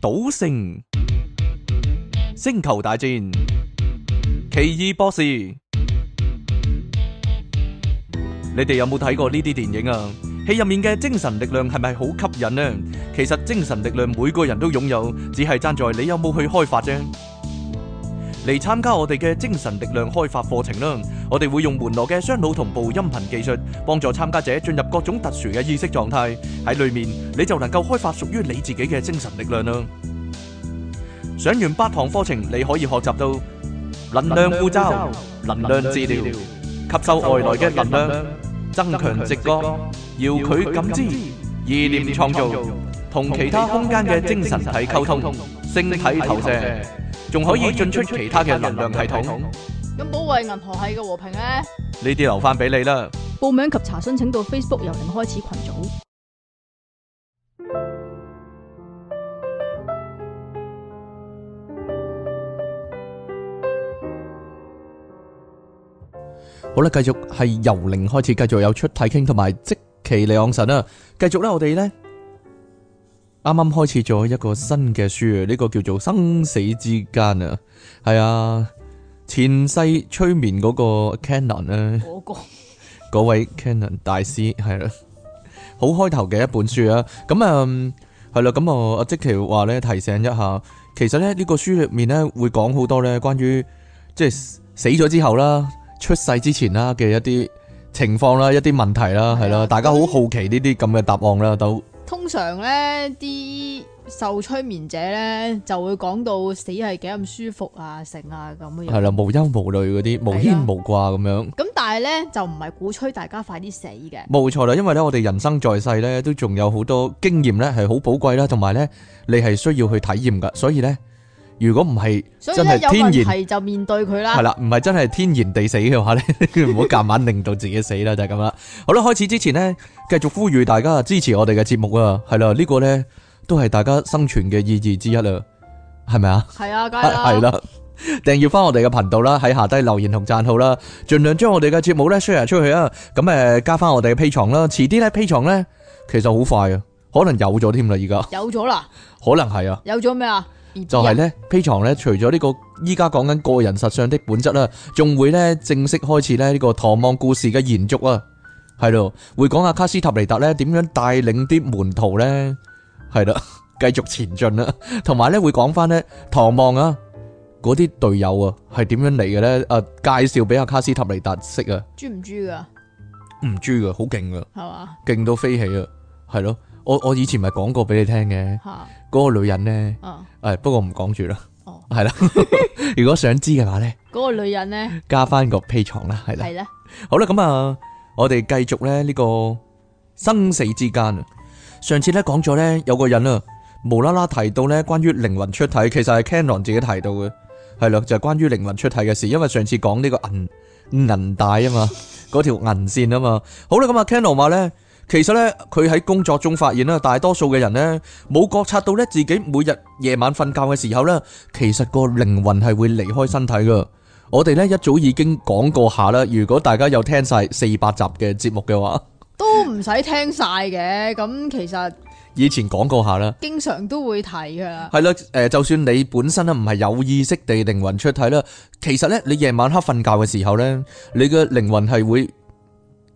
賭聖、星球大戰、奇異博士，你哋有冇睇過呢啲電影啊？戲入面嘅精神力量係咪好吸引呢？其實精神力量每個人都擁有，只係爭在你有冇去開發啫。嚟參加我哋嘅精神力量開發課程啦！我哋會用門羅嘅雙腦同步音頻技術，幫助參加者進入各種特殊嘅意識狀態。喺裏面，你就能夠開發屬於你自己嘅精神力量啦。上完八堂課程，你可以學習到能量護罩、能量治療、吸收外來嘅能量、增強直覺、遙距感知、意念創造、同其他空間嘅精神體溝通、星體投射，仲可以進出其他嘅能量系統。咁保衛銀河系嘅和平咧？呢啲留翻俾你啦。報名及查詢請到 Facebook 由零開始群組。好啦，繼續係由零開始，繼續有出體傾同埋即期李昂神啊！繼續咧，我哋咧啱啱開始咗一個新嘅書啊，呢、這個叫做生死之間啊，係啊。前世催眠嗰個 Canon 咧的，嗰 位 Canon 大師係啦，好開頭嘅一本書啊，咁啊係啦，咁、嗯、啊我即其話咧提醒一下，其實咧呢、這個書入面咧會講好多咧關於即係死咗之後啦、出世之前啦嘅一啲情況啦、一啲問題啦，係啦，嗯、大家好好奇呢啲咁嘅答案啦都。通常咧啲，受催眠者咧，就會講到死係幾咁舒服啊，成啊咁樣係啦，無憂無慮嗰啲、無牽無掛咁樣。咁但係咧，就唔係鼓吹大家快啲死嘅。冇錯啦，因為咧，我哋人生在世咧，都仲有好多經驗咧，係好寶貴啦，同埋咧，你係需要去體驗噶。所以咧，如果唔係真係天然係就面對佢啦。係啦，唔係真係天然地死嘅話咧，唔好夾硬令到自己死啦，就係咁啦。好啦，開始之前咧，繼續呼籲大家支持我哋嘅節目啊，係啦，呢個咧。都係大家生存嘅意義之一啦，係咪啊？係啊，梗係係啦！訂閱翻我哋嘅頻道啦，喺下低留言同讚好啦，盡量將我哋嘅節目咧 share 出去啊！咁誒，加翻我哋嘅 P 床啦，遲啲咧 P 床咧，其實好快啊，可能有咗添啦，而家有咗啦，可能係啊，有咗咩啊？就係咧 P 床咧，除咗呢個依家講緊個人實相的本質啦，仲會咧正式開始咧呢個《唐望故事》嘅延續啊，係咯，會講下卡斯塔尼達咧點樣帶領啲門徒咧。係啦，繼續前進啦，同埋咧會講翻咧唐望啊，嗰啲隊友啊係點樣嚟嘅咧？誒，介紹俾阿卡斯塔尼達識啊，豬唔豬噶？唔豬噶，好勁噶，係嘛？勁到飛起啊！係咯，我我以前咪講過俾你聽嘅，嗰的個女人咧，誒、嗯，不過唔講住啦，係啦， 如果想知嘅話咧，嗰 個女人咧，加翻個屁床啦，係啦，係咧的，好啦，咁啊，我哋繼續咧呢個生死之間啊。上次咧講咗咧有個人啊，無啦啦提到咧關於靈魂出體，其實係 Cannon 自己提到嘅，係咯，就係、是、關於靈魂出體嘅事。因為上次講呢個銀銀帶啊嘛，嗰條銀線啊嘛。好啦，咁啊 Cannon 話咧，其實咧佢喺工作中發現咧，大多數嘅人咧冇覺察到咧自己每日夜晚瞓覺嘅時候咧，其實個靈魂係會離開身體㗎。我哋咧一早已經講過下啦，如果大家有聽晒四百集嘅節目嘅話。都唔使聽晒嘅，咁其實以前講過下啦，嗯、經常都會睇噶係啦。誒，就算你本身咧唔係有意識地靈魂出體啦，其實咧你夜晚黑瞓覺嘅時候呢，你嘅靈魂係會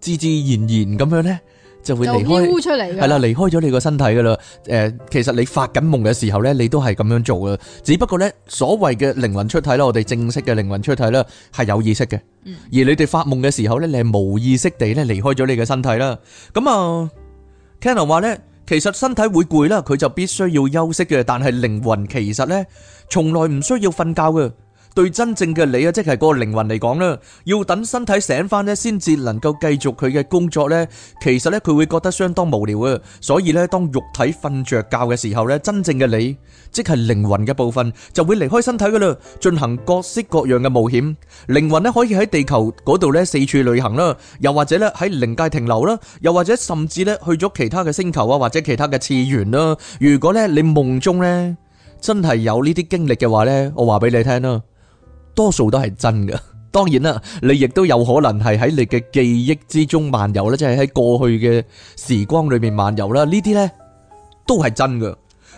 自自然然咁樣呢。就會離開，係啦，離開咗你個身體噶啦。誒，其實你發緊夢嘅時候咧，你都係咁樣做噶。只不過咧，所謂嘅靈魂出體咧，我哋正式嘅靈魂出體咧，係有意識嘅。嗯，而你哋發夢嘅時候咧，你係無意識地咧離開咗你嘅身體啦。咁啊，Cannon 話咧，其實身體會攰啦，佢就必須要休息嘅。但係靈魂其實咧，從來唔需要瞓覺嘅。對，真正嘅你啊，即係嗰個靈魂嚟講呢，要等身體醒翻呢,先至能夠繼續佢嘅工作呢。其實呢，佢會覺得相當無聊啊。所以呢，當肉體瞓着覺嘅時候呢，真正嘅你，即係靈魂嘅部分，就會離開身體噶啦，進行各式各樣嘅冒險。靈魂呢可以喺地球嗰度呢四處旅行啦，又或者呢喺靈界停留啦，又或者甚至呢去咗其他嘅星球啊，或者其他嘅次元啦。如果呢你夢中呢真係有呢啲經歷嘅話呢，我話俾你聽啦。多數都係真㗎，當然啦，你亦都有可能係喺你嘅記憶之中漫遊啦，即係喺過去嘅時光裏面漫遊啦，呢啲咧都係真㗎。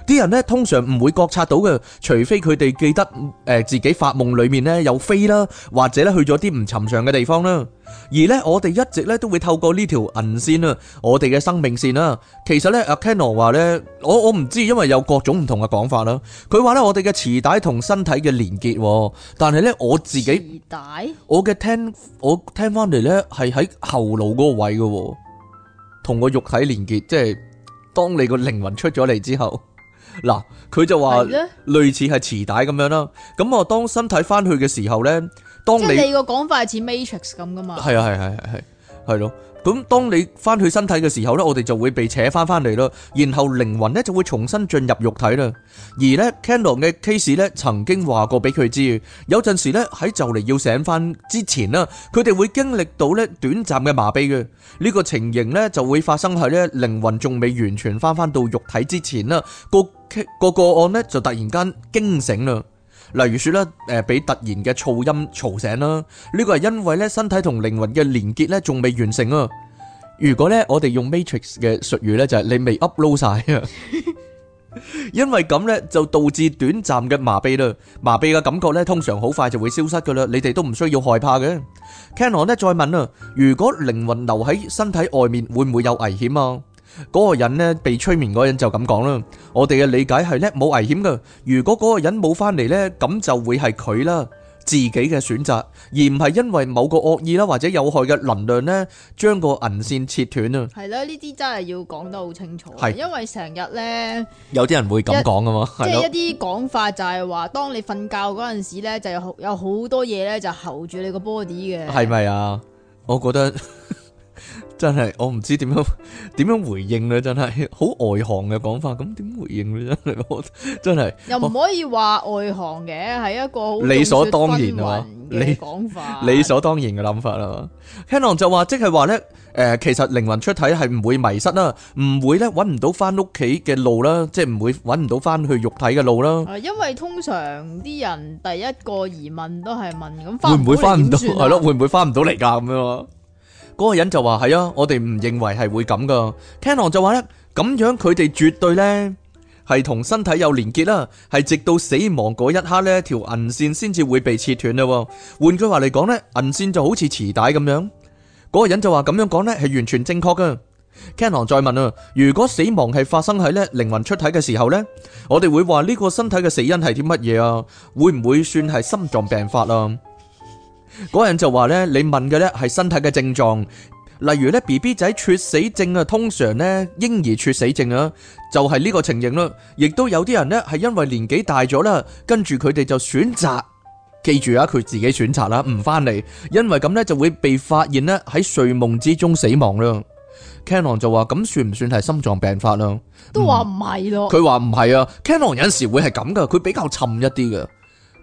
啲人咧通常唔會覺察到嘅，除非佢哋記得誒自己發夢裏面咧有飛啦，或者咧去咗啲唔尋常嘅地方啦。而咧我哋一直咧都會透過呢條銀線啊，我哋嘅生命線啦。其實咧阿 Kenner 話咧，我我唔知，因為有各種唔同嘅講法啦。佢話咧我哋嘅磁帶同身體嘅連結，但係咧我自己，磁帶？我嘅聽我聽翻嚟咧係喺後腦嗰個位嘅，同個肉體連結，即係當你個靈魂出咗嚟之後。嗱，佢就話咧類似係磁帶咁樣啦。咁我當身體翻去嘅時候咧，當你個講法似 Matrix 咁噶嘛？係啊係係係係係咯。咁當你翻去身體嘅時候咧，我哋就會被扯翻翻嚟咯。然後靈魂咧就會重新進入肉體啦。而咧 Candler 嘅 case 咧曾經話過俾佢知，有陣時咧喺就嚟要醒翻之前啦，佢哋會經歷到咧短暫嘅麻痹嘅。呢個情形咧就會發生喺咧靈魂仲未完全翻翻到肉體之前啦。個個個案咧就突然間驚醒啦，例如說咧，誒，俾突然嘅噪音嘈醒啦，呢個係因為咧身體同靈魂嘅連結咧仲未完成啊。如果咧我哋用 matrix 嘅術語咧就係你未 upload 晒啊，因為咁咧就導致短暫嘅麻痹啦，麻痹嘅感覺咧通常好快就會消失噶啦，你哋都唔需要害怕嘅。Kenon 咧再問啊，如果靈魂留喺身體外面會唔會有危險啊？嗰個人咧被催眠嗰人就咁講啦，我哋嘅理解係咧冇危險噶。如果嗰個人冇翻嚟咧，咁就會係佢啦，自己嘅選擇，而唔係因爲某個惡意啦或者有害嘅能量咧，將個銀線切斷啊。係啦，呢啲真係要講得好清楚。係因爲成日咧，有啲人會咁講噶嘛，即係一啲講法就係話，當你瞓覺嗰陣時咧，就有有好多嘢咧就 hold 住你個 body 嘅。係咪啊？我覺得。真係我唔知點樣點樣回應咧，真係好外行嘅講法，咁點回應咧？真係我真係又唔可以話外行嘅，係 一個理所當然嘅講法，理所當然嘅諗法啦。聽浪就話即係話咧，誒、呃，其實靈魂出體係唔會迷失啦，唔會咧搵唔到翻屋企嘅路啦，即係唔會搵唔到翻去肉體嘅路啦。因爲通常啲人第一個疑問都係問咁，會唔會翻唔到係咯？會唔會翻唔到嚟噶咁樣？嗰個人就話：係啊，我哋唔認為係會咁噶。Cannon 就話咧，咁樣佢哋絕對呢，係同身體有連結啦，係直到死亡嗰一刻呢條銀線先至會被切斷咯。換句話嚟講呢，銀線就好似磁帶咁樣。嗰、那個人就話：咁樣講呢係完全正確噶。Cannon 再問啊，如果死亡係發生喺呢靈魂出體嘅時候呢，我哋會話呢個身體嘅死因係啲乜嘢啊？會唔會算係心臟病發啊？嗰人就話咧，你問嘅咧係身體嘅症狀，例如咧 BB 仔猝死症啊，通常咧嬰兒猝死症啊，就係呢個情形咯。亦都有啲人咧係因為年紀大咗啦，跟住佢哋就選擇，記住啊，佢自己選擇啦，唔翻嚟，因為咁咧就會被發現咧喺睡夢之中死亡咯。Canon 就話咁算唔算係心臟病發啊？都話唔係咯，佢話唔係啊。Canon 有陣時會係咁噶，佢比較沉一啲噶。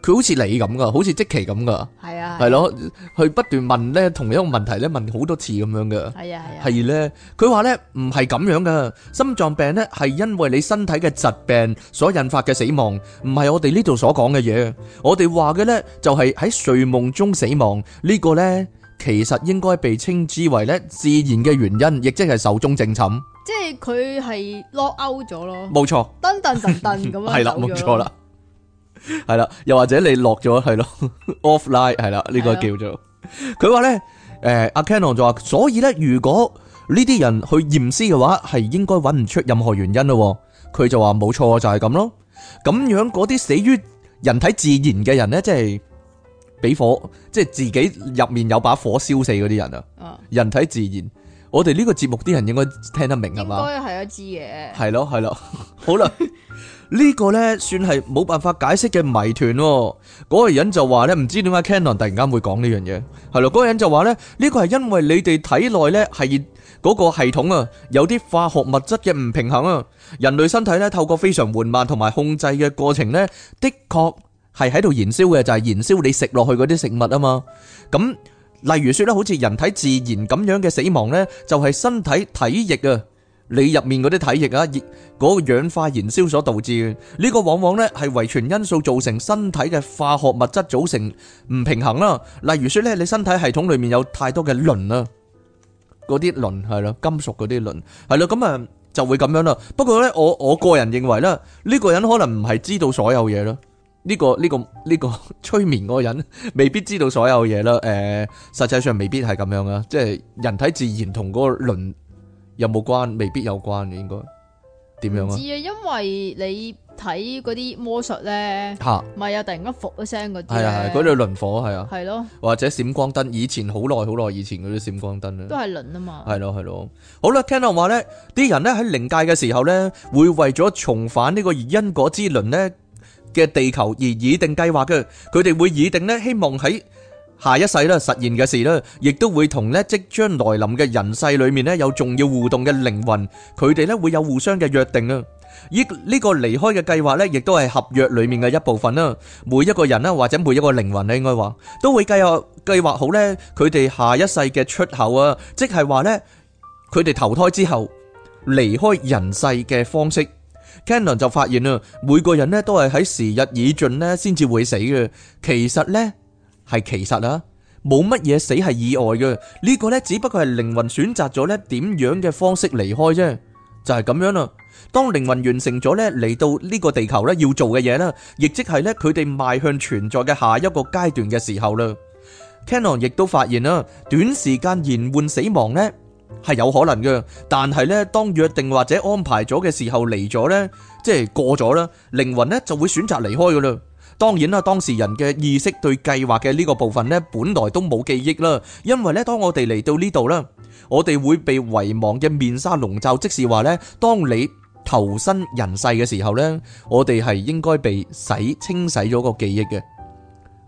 佢好似你咁噶，好似即期咁噶，係啊，係咯，佢不斷問咧同一個問題咧，問好多次咁樣嘅，係啊，係啊，係咧，佢話咧唔係咁樣噶，心臟病咧係因為你身體嘅疾病所引發嘅死亡，唔係我哋呢度所講嘅嘢，我哋話嘅咧就係喺睡夢中死亡呢個咧，其實應該被稱之為咧自然嘅原因，亦即係壽終正寢，即係佢係落勾咗咯，冇錯，噔噔噔噔咁樣走咗。係啦，又或者你落咗係咯，offline 係啦，呢 了個叫做佢話咧，誒， 阿、呃、Kennon 就話，所以咧，如果呢啲人去驗屍嘅話，係應該揾唔出任何原因、就是、咯。佢就話冇錯，就係咁咯。咁樣嗰啲死於人體自燃嘅人咧，即係俾火，即係自己入面有把火燒死嗰啲人啊。哦、人體自燃，我哋呢個節目啲人應該聽得明係嘛？應該係啊，知嘢。係咯，係 咯了，好啦。呢個咧算係冇辦法解釋嘅謎團。嗰個人就話呢，唔知點解 Canon 突然間會講呢樣嘢，係咯？嗰個人就話咧，呢個係因為你哋體內咧係嗰個系統啊，有啲化學物質嘅唔平衡啊。人類身體呢透過非常緩慢同埋控制嘅過程呢，的確係喺度燃燒嘅，就係燃燒你食落去嗰啲食物啊嘛。咁例如說咧，好似人體自然咁樣嘅死亡呢，就係身體體液啊。你入面嗰啲體液啊，熱嗰個氧化燃燒所導致，呢個往往咧係遺傳因素造成身體嘅化學物質組成唔平衡啦。例如說咧，你身體系統裏面有太多嘅磷啦，嗰啲磷係咯，金屬嗰啲磷係咯，咁啊就會咁樣啦。不過咧，我我個人認為咧，呢個人可能唔係知道所有嘢咯。呢個呢個呢個催眠嗰個人未必知道所有嘢啦。誒，實際上未必係咁樣啊，即係人體自然同嗰個磷。有冇關？未必有關嘅，應該點樣啊？唔知啊，因為你睇嗰啲魔術咧，吓，咪又突然間伏一聲嗰啲，係啊係，嗰啲輪火係啊，係咯，或者閃光燈，以前好耐好耐以前嗰啲閃光燈咧，都係輪啊嘛，係咯係咯，好啦，聽人話咧，啲人咧喺靈界嘅時候咧，會為咗重返呢個因果之輪咧嘅地球而擬定計劃嘅，佢哋會擬定咧，希望喺。下一世咧實現嘅事咧，亦都會同咧即將來臨嘅人世裏面咧有重要互動嘅靈魂，佢哋咧會有互相嘅約定啊！依呢個離開嘅計劃咧，亦都係合約裏面嘅一部分啦。每一個人啦，或者每一個靈魂咧，應該話都會計劃計劃好咧，佢哋下一世嘅出口啊，即係話咧，佢哋投胎之後離開人世嘅方式。Kenon 就發現啊，每個人咧都係喺時日已盡咧先至會死嘅，其實咧。係其實啊，冇乜嘢死係意外嘅。呢個咧只不過係靈魂選擇咗咧點樣嘅方式離開啫，就係咁樣啦。當靈魂完成咗咧嚟到呢個地球咧要做嘅嘢啦，亦即係咧佢哋邁向存在嘅下一個階段嘅時候啦。Kenon 亦都發現啦，短時間延緩死亡咧係有可能嘅，但係咧當約定或者安排咗嘅時候嚟咗咧，即係過咗啦，靈魂咧就會選擇離開噶啦。當然啦，當事人嘅意識對計劃嘅呢個部分呢，本來都冇記憶啦。因為呢，當我哋嚟到呢度啦，我哋會被遺忘嘅面紗籠罩。即是話呢，當你投身人世嘅時候呢，我哋係應該被洗清洗咗個記憶嘅，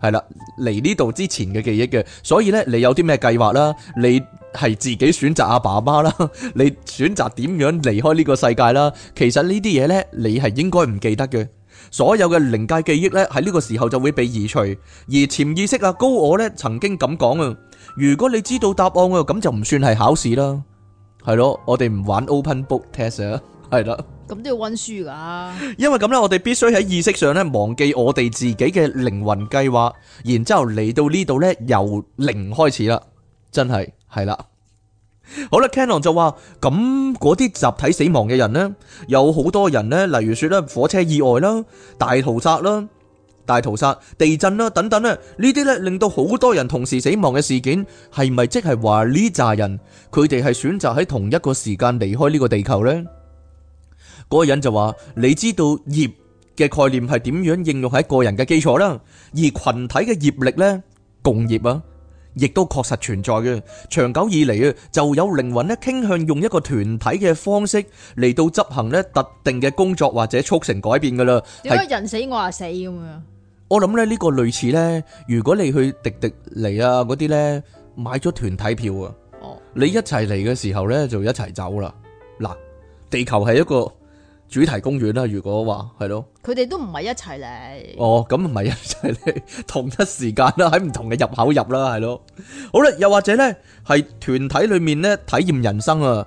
係啦，嚟呢度之前嘅記憶嘅。所以呢，你有啲咩計劃啦？你係自己選擇阿爸媽啦，你選擇點樣離開呢個世界啦？其實呢啲嘢呢，你係應該唔記得嘅。所有嘅靈界記憶咧喺呢個時候就會被移除，而潛意識啊、高我咧曾經咁講啊，如果你知道答案啊，咁就唔算係考試啦，係咯，我哋唔玩 open book test 啊，係啦，咁都要溫書噶，因為咁咧，我哋必須喺意識上咧忘記我哋自己嘅靈魂計劃，然之後嚟到呢度咧由零開始啦，真係係啦。好啦 Canon 就話，咁嗰啲集體死亡嘅人呢，有好多人呢，例如說咧火車意外啦、大屠殺啦、大屠殺、地震啦等等呢，呢啲呢，令到好多人同時死亡嘅事件，係咪即係話呢扎人佢哋係選擇喺同一個時間離開呢個地球呢？嗰、嗰個人就話：你知道業嘅概念係點樣應用喺個人嘅基礎啦，而群體嘅業力呢，共業啊！亦都確實存在嘅，長久以嚟啊，就有靈魂咧傾向用一個團體嘅方式嚟到執行咧特定嘅工作或者促成改變噶啦。點解人死我啊死咁樣？我諗咧呢個類似呢：如果你去迪迪尼啊嗰啲呢，買咗團體票啊，哦、你一齊嚟嘅時候呢，就一齊走啦。嗱，地球係一個。主題公園啦，如果話係咯，佢哋都唔係一齊嚟。哦，咁唔係一齊嚟，同一時間啦，喺唔同嘅入口入啦，係咯。好啦，又或者呢，係團體裏面呢體驗人生啊，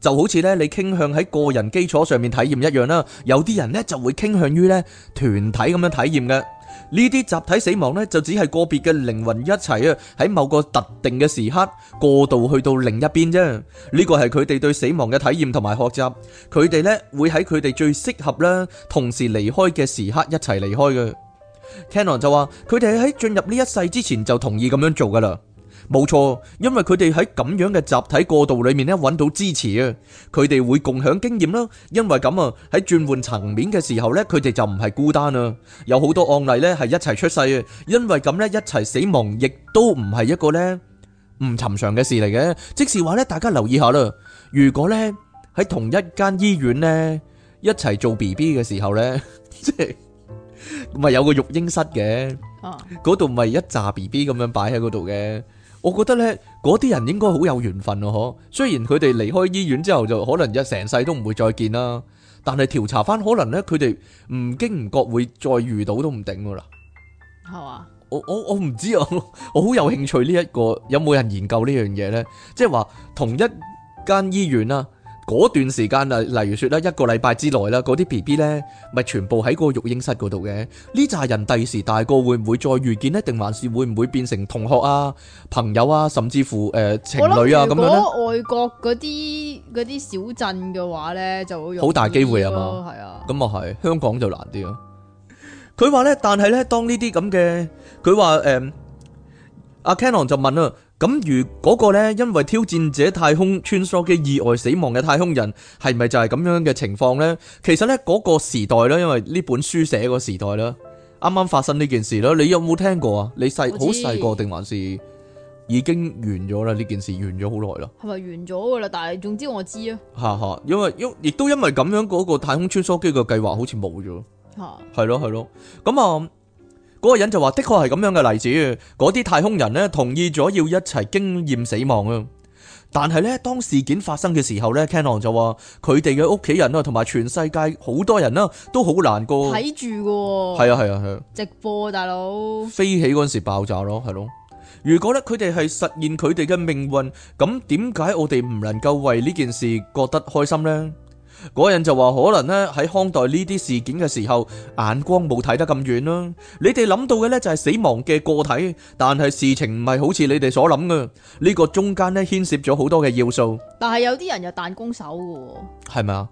就好似呢，你傾向喺個人基礎上面體驗一樣啦。有啲人呢，就會傾向於呢團體咁樣體驗嘅。呢啲集體死亡呢，就只係個別嘅靈魂一齊啊，喺某個特定嘅時刻過渡去到另一邊啫。呢個係佢哋對死亡嘅體驗同埋學習。佢哋呢，會喺佢哋最適合啦，同時離開嘅時刻一齊離開嘅。Cannon 就話佢哋喺進入呢一世之前就同意咁樣做噶啦。冇錯，因為佢哋喺咁樣嘅集體過渡裏面咧，揾到支持啊！佢哋會共享經驗啦，因為咁啊，喺轉換層面嘅時候咧，佢哋就唔係孤單啊！有好多案例咧係一齊出世啊，因為咁咧一齊死亡，亦都唔係一個咧唔尋常嘅事嚟嘅。即是話咧，大家留意下啦，如果咧喺同一間醫院咧一齊做 BB 嘅時候咧，即係唔係有個育嬰室嘅？哦，嗰度唔係一紮 BB 咁樣擺喺嗰度嘅。我覺得咧，嗰啲人應該好有緣分哦，嗬！雖然佢哋離開醫院之後就可能一成世都唔會再見啦，但係調查翻可能咧，佢哋唔經唔覺會再遇到都唔定噶啦。係啊，我我我唔知啊，我好有興趣呢一個，有冇人研究呢樣嘢咧？即係話同一間醫院啦。嗰段時間啊，例如說咧一個禮拜之內啦，嗰啲 B B 咧咪全部喺個育嬰室嗰度嘅。呢扎人第時大個會唔會再遇見咧？定還是會唔會變成同學啊、朋友啊，甚至乎誒、呃、情侶啊咁樣咧？如果外國嗰啲嗰啲小鎮嘅話咧，就好好大機會啊嘛，係啊，咁啊係香港就難啲咯。佢話咧，但係咧，當呢啲咁嘅，佢話誒，阿、嗯啊、Canon 就問啊。咁如嗰個呢？因為挑戰者太空穿梭機意外死亡嘅太空人，係咪就係咁樣嘅情況呢？其實呢嗰個時代咧，因為呢本書寫個時代咧，啱啱發生呢件事咯。你有冇聽過啊？你細好細個定還是已經完咗啦？呢件事完咗好耐啦。係咪完咗噶啦？但係總之我知啊。吓吓，因為因亦都因為咁樣嗰個太空穿梭機嘅計劃好似冇咗。吓， 係咯係咯，咁啊。嗯嗰個人就話：的確係咁樣嘅例子，嗰啲太空人咧同意咗要一齊經驗死亡啊！但係呢，當事件發生嘅時候呢 Kenon 就話佢哋嘅屋企人啦，同埋全世界好多人啦，都好難過。睇住㗎，係啊係啊係，啊直播大佬飛起嗰陣時爆炸咯，係咯，啊。如果呢，佢哋係實現佢哋嘅命運，咁點解我哋唔能夠為呢件事覺得開心呢？嗰人就話可能咧喺，看待呢啲事件嘅時候眼光冇睇得咁遠啦。你哋諗到嘅咧就係死亡嘅個體，但係事情唔係好似你哋所諗嘅。呢個中間咧牽涉咗好多嘅要素。但係有啲人又彈弓手噶，係咪啊？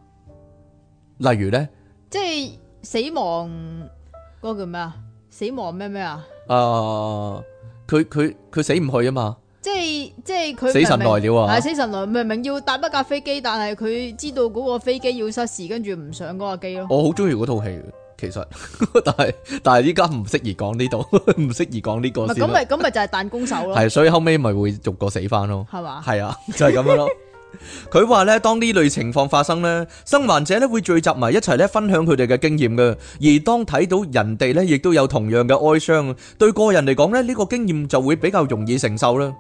例如咧，即係死亡嗰個叫咩啊？死亡咩咩啊？誒，佢佢佢死唔去啊嘛？即係即係佢死神來了啊！死神來，明明要搭一架飛機，但係佢知道嗰個飛機要失事，跟住唔上嗰架機咯。我好中意嗰套戲，其實，但係但係依家唔適宜講呢度，唔適宜講呢個。唔係咁咪咁咪就係彈弓手咯。係所以後尾咪會逐個死翻咯。係嘛？係啊，就係咁樣咯。佢話咧，當呢類情況發生咧，生還者咧會聚集埋一齊咧，分享佢哋嘅經驗噶。而當睇到人哋咧，亦都有同樣嘅哀傷，對個人嚟講咧，呢個經驗就會比較容易承受啦。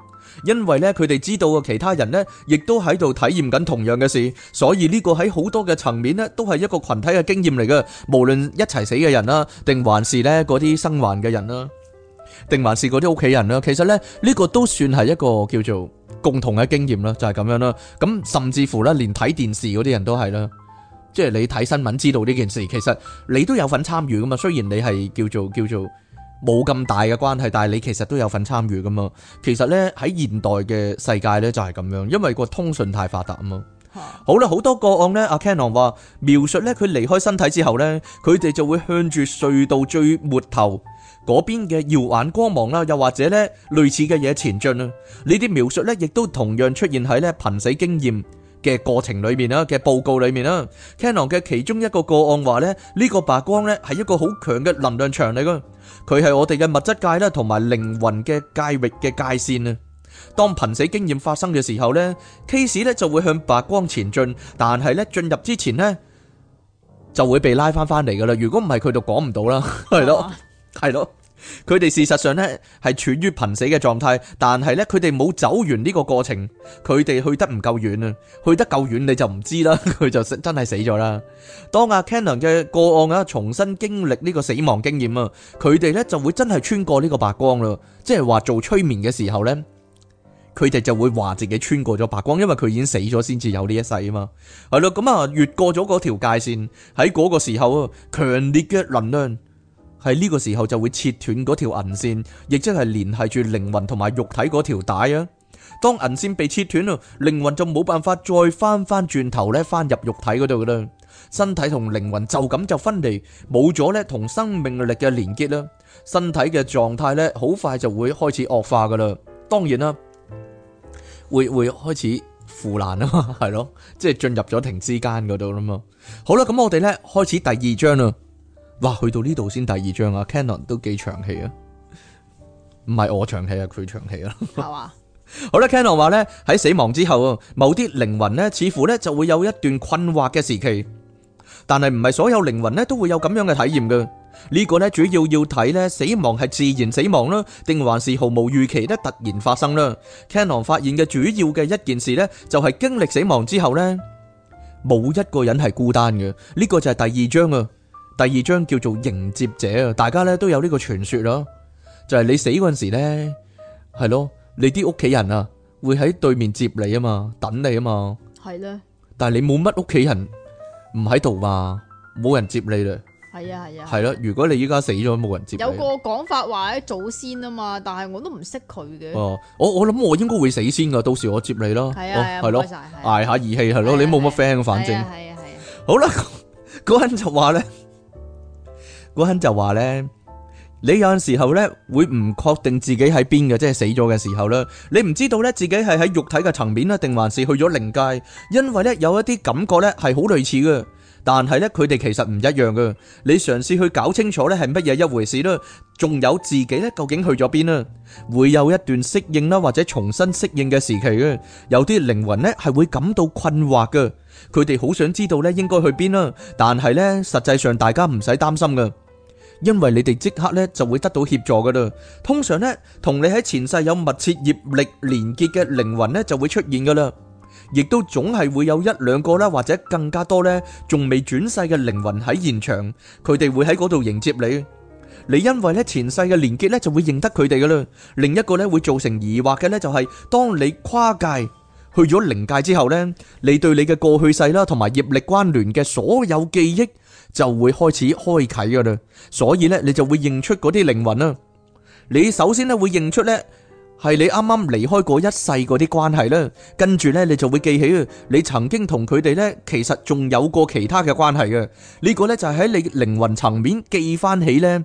因為咧，佢哋知道嘅其他人呢，亦都喺度體驗緊同樣嘅事，所以呢個喺好多嘅層面呢，都係一個群體嘅經驗嚟嘅。無論一齊死嘅人啦，定還是咧嗰啲生還嘅人啦，定還是嗰啲屋企人啦，其實呢，呢個都算係一個叫做共同嘅經驗啦，就係咁樣啦。咁甚至乎咧，連睇電視嗰啲人都係啦，即係你睇新聞知道呢件事，其實你都有份參與噶嘛。雖然你係叫做叫做。叫做冇咁大嘅關係，但係你其實都有份參與噶嘛。其實呢，喺現代嘅世界呢，就係咁樣，因為個通訊太發達啊嘛。 好啦，好多個案呢，阿 Kennon 話描述呢，佢離開身體之後呢，佢哋就會向住隧道最末頭嗰邊嘅耀眼光芒啦，又或者呢類似嘅嘢前進啊。呢啲描述呢，亦都同樣出現喺呢瀕死經驗嘅過程裏面啦，嘅報告裏面啦，Kenon 嘅其中一個個案話咧，呢個白光咧係一個好強嘅能量場嚟噶，佢係我哋嘅物質界啦，同埋靈魂嘅界域嘅界線啊。當瀕死經驗發生嘅時候咧，case 咧就會向白光前進，但係咧進入之前咧就會被拉翻翻嚟噶啦。如果唔係佢就講唔到啦，係咯，係咯。佢哋事實上咧係處於瀕死嘅狀態，但係呢，佢哋冇走完呢個過程，佢哋去得唔夠遠啊，去得夠遠你就唔知啦，佢 就真係死咗啦。當阿 Cannon 嘅個案啊，重新經歷呢個死亡經驗啊，佢哋呢就會真係穿過呢個白光咯，即係話做催眠嘅時候呢，佢哋就會話自己穿過咗白光，因為佢已經死咗先至有呢一世啊嘛。係咯，咁、嗯、啊越過咗嗰條界線，喺嗰個時候啊，強烈嘅能量。喺呢個時候就會切斷嗰條銀線，亦即係連繫住靈魂同埋肉體嗰條帶啊。當銀線被切斷啊，靈魂就冇辦法再翻翻轉頭咧，翻入肉體嗰度噶啦。身體同靈魂就咁就分離，冇咗咧同生命力嘅連結啦。身體嘅狀態咧，好快就會開始惡化噶啦。當然啦，會會開始腐爛啊嘛，係咯，即係進入咗停屍間嗰度啦嘛。好啦，咁我哋咧開始第二章啦。哇，去到呢度先第二章啊！Canon 都幾長氣啊，唔係我長氣啊，佢長氣啊。係嘛？好啦，Canon 話咧，喺死亡之後啊，某啲靈魂咧，似乎咧就會有一段困惑嘅時期。但係唔係所有靈魂咧都會有咁樣嘅體驗噶。呢個咧主要要睇咧死亡係自然死亡啦，定還是毫無預期咧突然發生啦。Canon 發現嘅主要嘅一件事咧，就係經歷死亡之後咧，冇一個人係孤單嘅。呢個就係第二章啊。第二章叫做迎接者啊！大家咧都有呢個傳說啦，就係你死嗰陣時咧，係咯，你啲屋企人啊會喺對面接你啊嘛，等你啊嘛。係咧。但係你冇乜屋企人唔喺度嘛，冇人接你嘞。係啊係啊。係咯、啊，如果你依家死咗，冇人接。有個講法話喺祖先啊嘛，但係我都唔識佢嘅。哦，我我諗我應該會死先噶，到時我接你咯、哦。係啊係啊，挨下義氣係咯，你冇乜 friend，反正。係啊係啊。好啦，嗰、yeah. uh、人就話咧。嗰肯就話咧，你有陣時候咧會唔確定自己喺邊嘅，即係死咗嘅時候啦，你唔知道咧自己係喺肉體嘅層面啦，定還是去咗靈界？因為咧有一啲感覺咧係好類似嘅，但係咧佢哋其實唔一樣嘅。你嘗試去搞清楚咧係乜嘢一回事啦，仲有自己咧究竟去咗邊啦，會有一段適應啦或者重新適應嘅時期嘅。有啲靈魂咧係會感到困惑嘅，佢哋好想知道咧應該去邊啦，但係咧實際上大家唔使擔心嘅。因為你哋即刻咧就會得到協助㗎喇，通常咧同你喺前世有密切業力連結嘅靈魂咧就會出現㗎喇，亦都總係會有一兩個啦，或者更加多咧，仲未轉世嘅靈魂喺現場，佢哋會喺嗰度迎接你。你因為咧前世嘅連結咧就會認得佢哋㗎喇。另一個咧會造成疑惑嘅咧就係當你跨界去咗靈界之後咧，你對你嘅過去世啦同埋業力關聯嘅所有記憶。就會開始開啟噶啦，所以咧你就會認出嗰啲靈魂啦。你首先咧會認出呢，係你啱啱離開嗰一世嗰啲關係啦，跟住呢，你就會記起你曾經同佢哋呢，其實仲有過其他嘅關係嘅。呢個呢，就係喺你靈魂層面記翻起呢，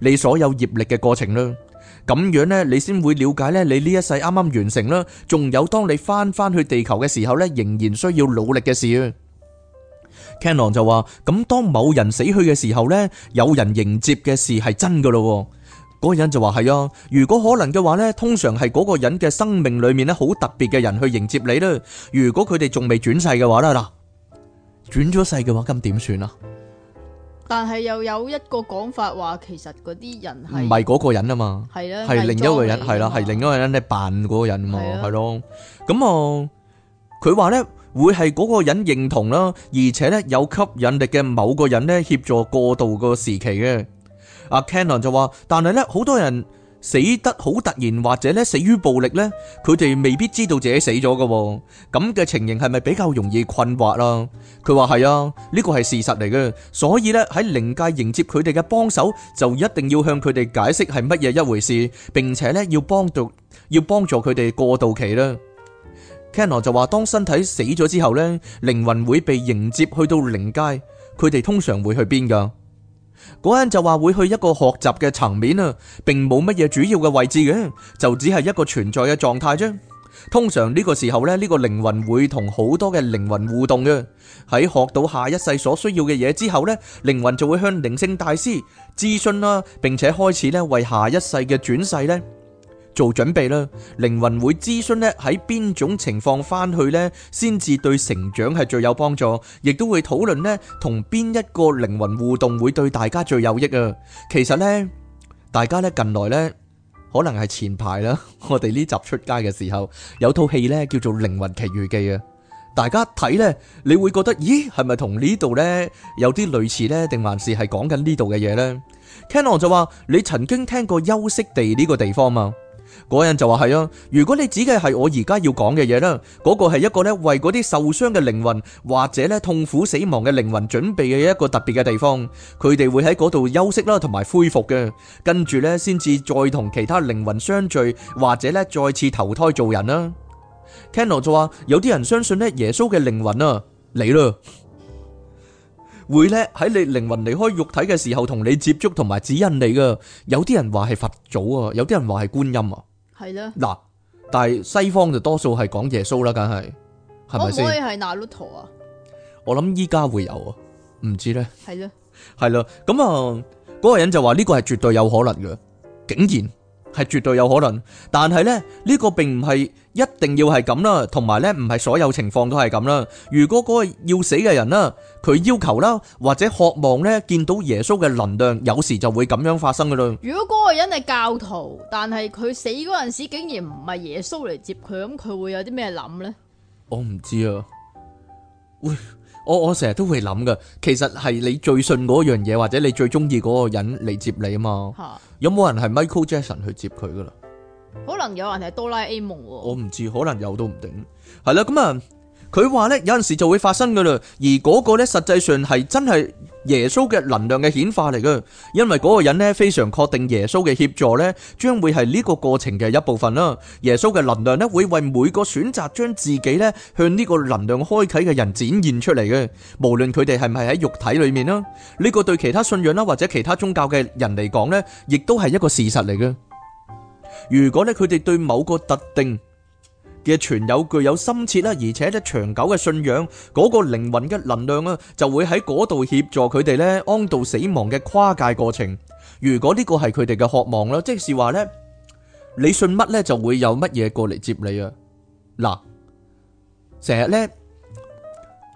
你所有業力嘅過程啦。咁樣呢，你先會了解呢，你呢一世啱啱完成啦，仲有當你翻翻去地球嘅時候呢，仍然需要努力嘅事啊。Canon 就話咁，當某人死去嘅時候呢，有人迎接嘅事係真噶咯。嗰個人就話係啊，如果可能嘅話呢，通常係嗰個人嘅生命裏面呢，好特別嘅人去迎接你呢。如果佢哋仲未轉世嘅話咧，嗱，轉咗世嘅話，咁點算啊？但係又有一個講法話，其實嗰啲人係唔係嗰個人啊嘛？係啦，係對另一個人，係啦，係另一個人你扮嗰個人嘛，係咯了。咁啊，佢話、呃、呢。會係嗰個人認同啦，而且咧有吸引力嘅某個人咧協助過渡個時期嘅。阿 Cannon 就話，但係咧好多人死得好突然，或者咧死於暴力咧，佢哋未必知道自己死咗噶，咁嘅情形係咪比較容易困惑啦？佢話，係啊，呢個係事實嚟嘅，所以咧喺靈界迎接佢哋嘅幫手，就一定要向佢哋解釋係乜嘢一回事，並且咧要幫助要幫助佢哋過渡期啦。Kenner 就話，當身體死咗之後咧，靈魂會被迎接去到靈界，佢哋通常會去邊噶？嗰人就話會去一個學習嘅層面啊，並冇乜嘢主要嘅位置嘅，就只係一個存在嘅狀態啫。通常呢個時候咧，呢個靈魂會同好多嘅靈魂互動嘅，喺學到下一世所需要嘅嘢之後咧，靈魂就會向靈性大師諮詢啦，並且開始咧為下一世嘅轉世咧。做準備啦，靈魂會諮詢咧，喺邊種情況翻去咧，先至對成長係最有幫助，亦都會討論咧，同邊一個靈魂互動會對大家最有益啊。其實咧，大家咧近來咧，可能係前排啦。我哋呢集出街嘅時候有套戲咧，叫做《靈魂奇遇記》啊。大家睇咧，你會覺得咦，係咪同呢度咧有啲類似咧，定還是係講緊呢度嘅嘢咧？Cannon 就話你曾經聽過休息地呢個地方嘛？嗰人就話係啊。如果你指嘅係我而家要講嘅嘢啦，嗰個係一個咧為嗰啲受傷嘅靈魂或者咧痛苦死亡嘅靈魂準備嘅一個特別嘅地方，佢哋會喺嗰度休息啦，同埋恢復嘅，跟住咧先至再同其他靈魂相聚，或者咧再次投胎做人啦。Kennel 就話有啲人相信咧耶穌嘅靈魂啊，你啦，會咧喺你靈魂離開肉體嘅時候同你接觸同埋指引你噶。有啲人話係佛祖啊，有啲人話係觀音啊。係啦，嗱，但係西方就多數係講耶穌啦，梗係，係咪先？係拿魯陀啊？我諗依家會有，啊。唔知咧。係啦，係、嗯、啦，咁啊，嗰個人就話呢個係絕對有可能嘅，竟然。係絕對有可能，但係呢，呢個並唔係一定要係咁啦，同埋呢，唔係所有情況都係咁啦。如果嗰個要死嘅人啦，佢要求啦，或者渴望呢，見到耶穌嘅能量，有時就會咁樣發生噶啦。如果嗰個人係教徒，但係佢死嗰陣時竟然唔係耶穌嚟接佢，咁佢會有啲咩諗呢？我唔知啊，會我我成日都會諗噶。其實係你最信嗰樣嘢，或者你最中意嗰個人嚟接你啊嘛。有冇人係 Michael Jackson 去接佢噶啦？可能有人係哆啦 A 夢喎，我唔知，可能有都唔定。係啦，咁、嗯、啊，佢話咧有陣時就會發生噶啦，而嗰個咧實際上係真係。耶穌嘅能量嘅顯化嚟嘅，因為嗰個人呢非常確定耶穌嘅協助呢將會係呢個過程嘅一部分啦。耶穌嘅能量呢會為每個選擇將自己呢向呢個能量開啟嘅人展現出嚟嘅，無論佢哋係咪喺肉體裏面啦。呢個對其他信仰啦或者其他宗教嘅人嚟講呢，亦都係一個事實嚟嘅。如果咧佢哋對某個特定嘅存有具有深切啦，而且咧長久嘅信仰，嗰個靈魂嘅能量啊，就會喺嗰度協助佢哋咧安度死亡嘅跨界過程。如果呢個係佢哋嘅渴望啦，即是話呢，你信乜呢，就會有乜嘢過嚟接你啊！嗱，成日咧。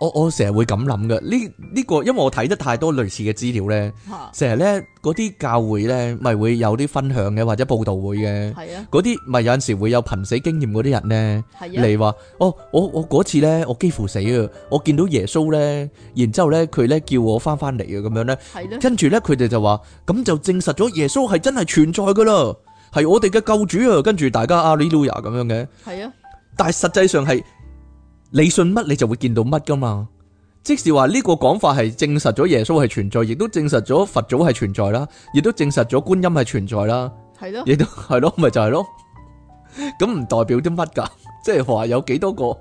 我我成日會咁諗嘅，呢呢個因為我睇得太多類似嘅資料咧，成日咧嗰啲教會咧咪會有啲分享嘅或者報道會嘅，嗰啲咪有陣時會有瀕死經驗嗰啲人咧嚟話，哦我我嗰次咧我幾乎死啊，我見到耶穌咧，然之後咧佢咧叫我翻翻嚟啊咁樣咧，跟住咧佢哋就話，咁就證實咗耶穌係真係存在噶啦，係我哋嘅救主啊，跟住大家阿利路亞咁樣嘅，係啊，但係實際上係。你信乜，你就會見到乜噶嘛。即係話呢個講法係證實咗耶穌係存在，亦都證實咗佛祖係存在啦，亦都證實咗觀音係存在啦。係咯的，亦都係咯，咪就係咯。咁唔代表啲乜噶？即係話有幾多個，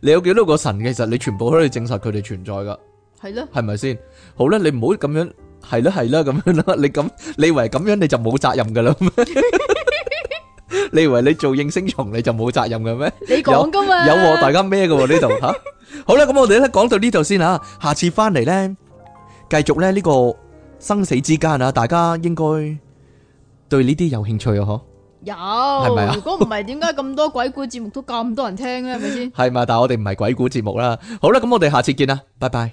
你有幾多個神，其實你全部可以證實佢哋存在噶。係咯的，係咪先？好啦，你唔好咁樣，係啦係啦咁樣啦，你咁你以為咁樣你就冇責任噶啦？ 你以為你做應聲蟲你就冇責任嘅咩？你講噶嘛？有大家咩噶喎呢度吓？好啦，咁我哋咧講到呢度先吓，下次翻嚟咧繼續咧呢個生死之間啊，大家應該對呢啲有興趣啊？嗬，有係咪啊？如果唔係，點解咁多鬼故節目都咁多人聽咧？係咪先？係嘛，但係我哋唔係鬼故節目啦。好啦，咁我哋下次見啦，拜拜。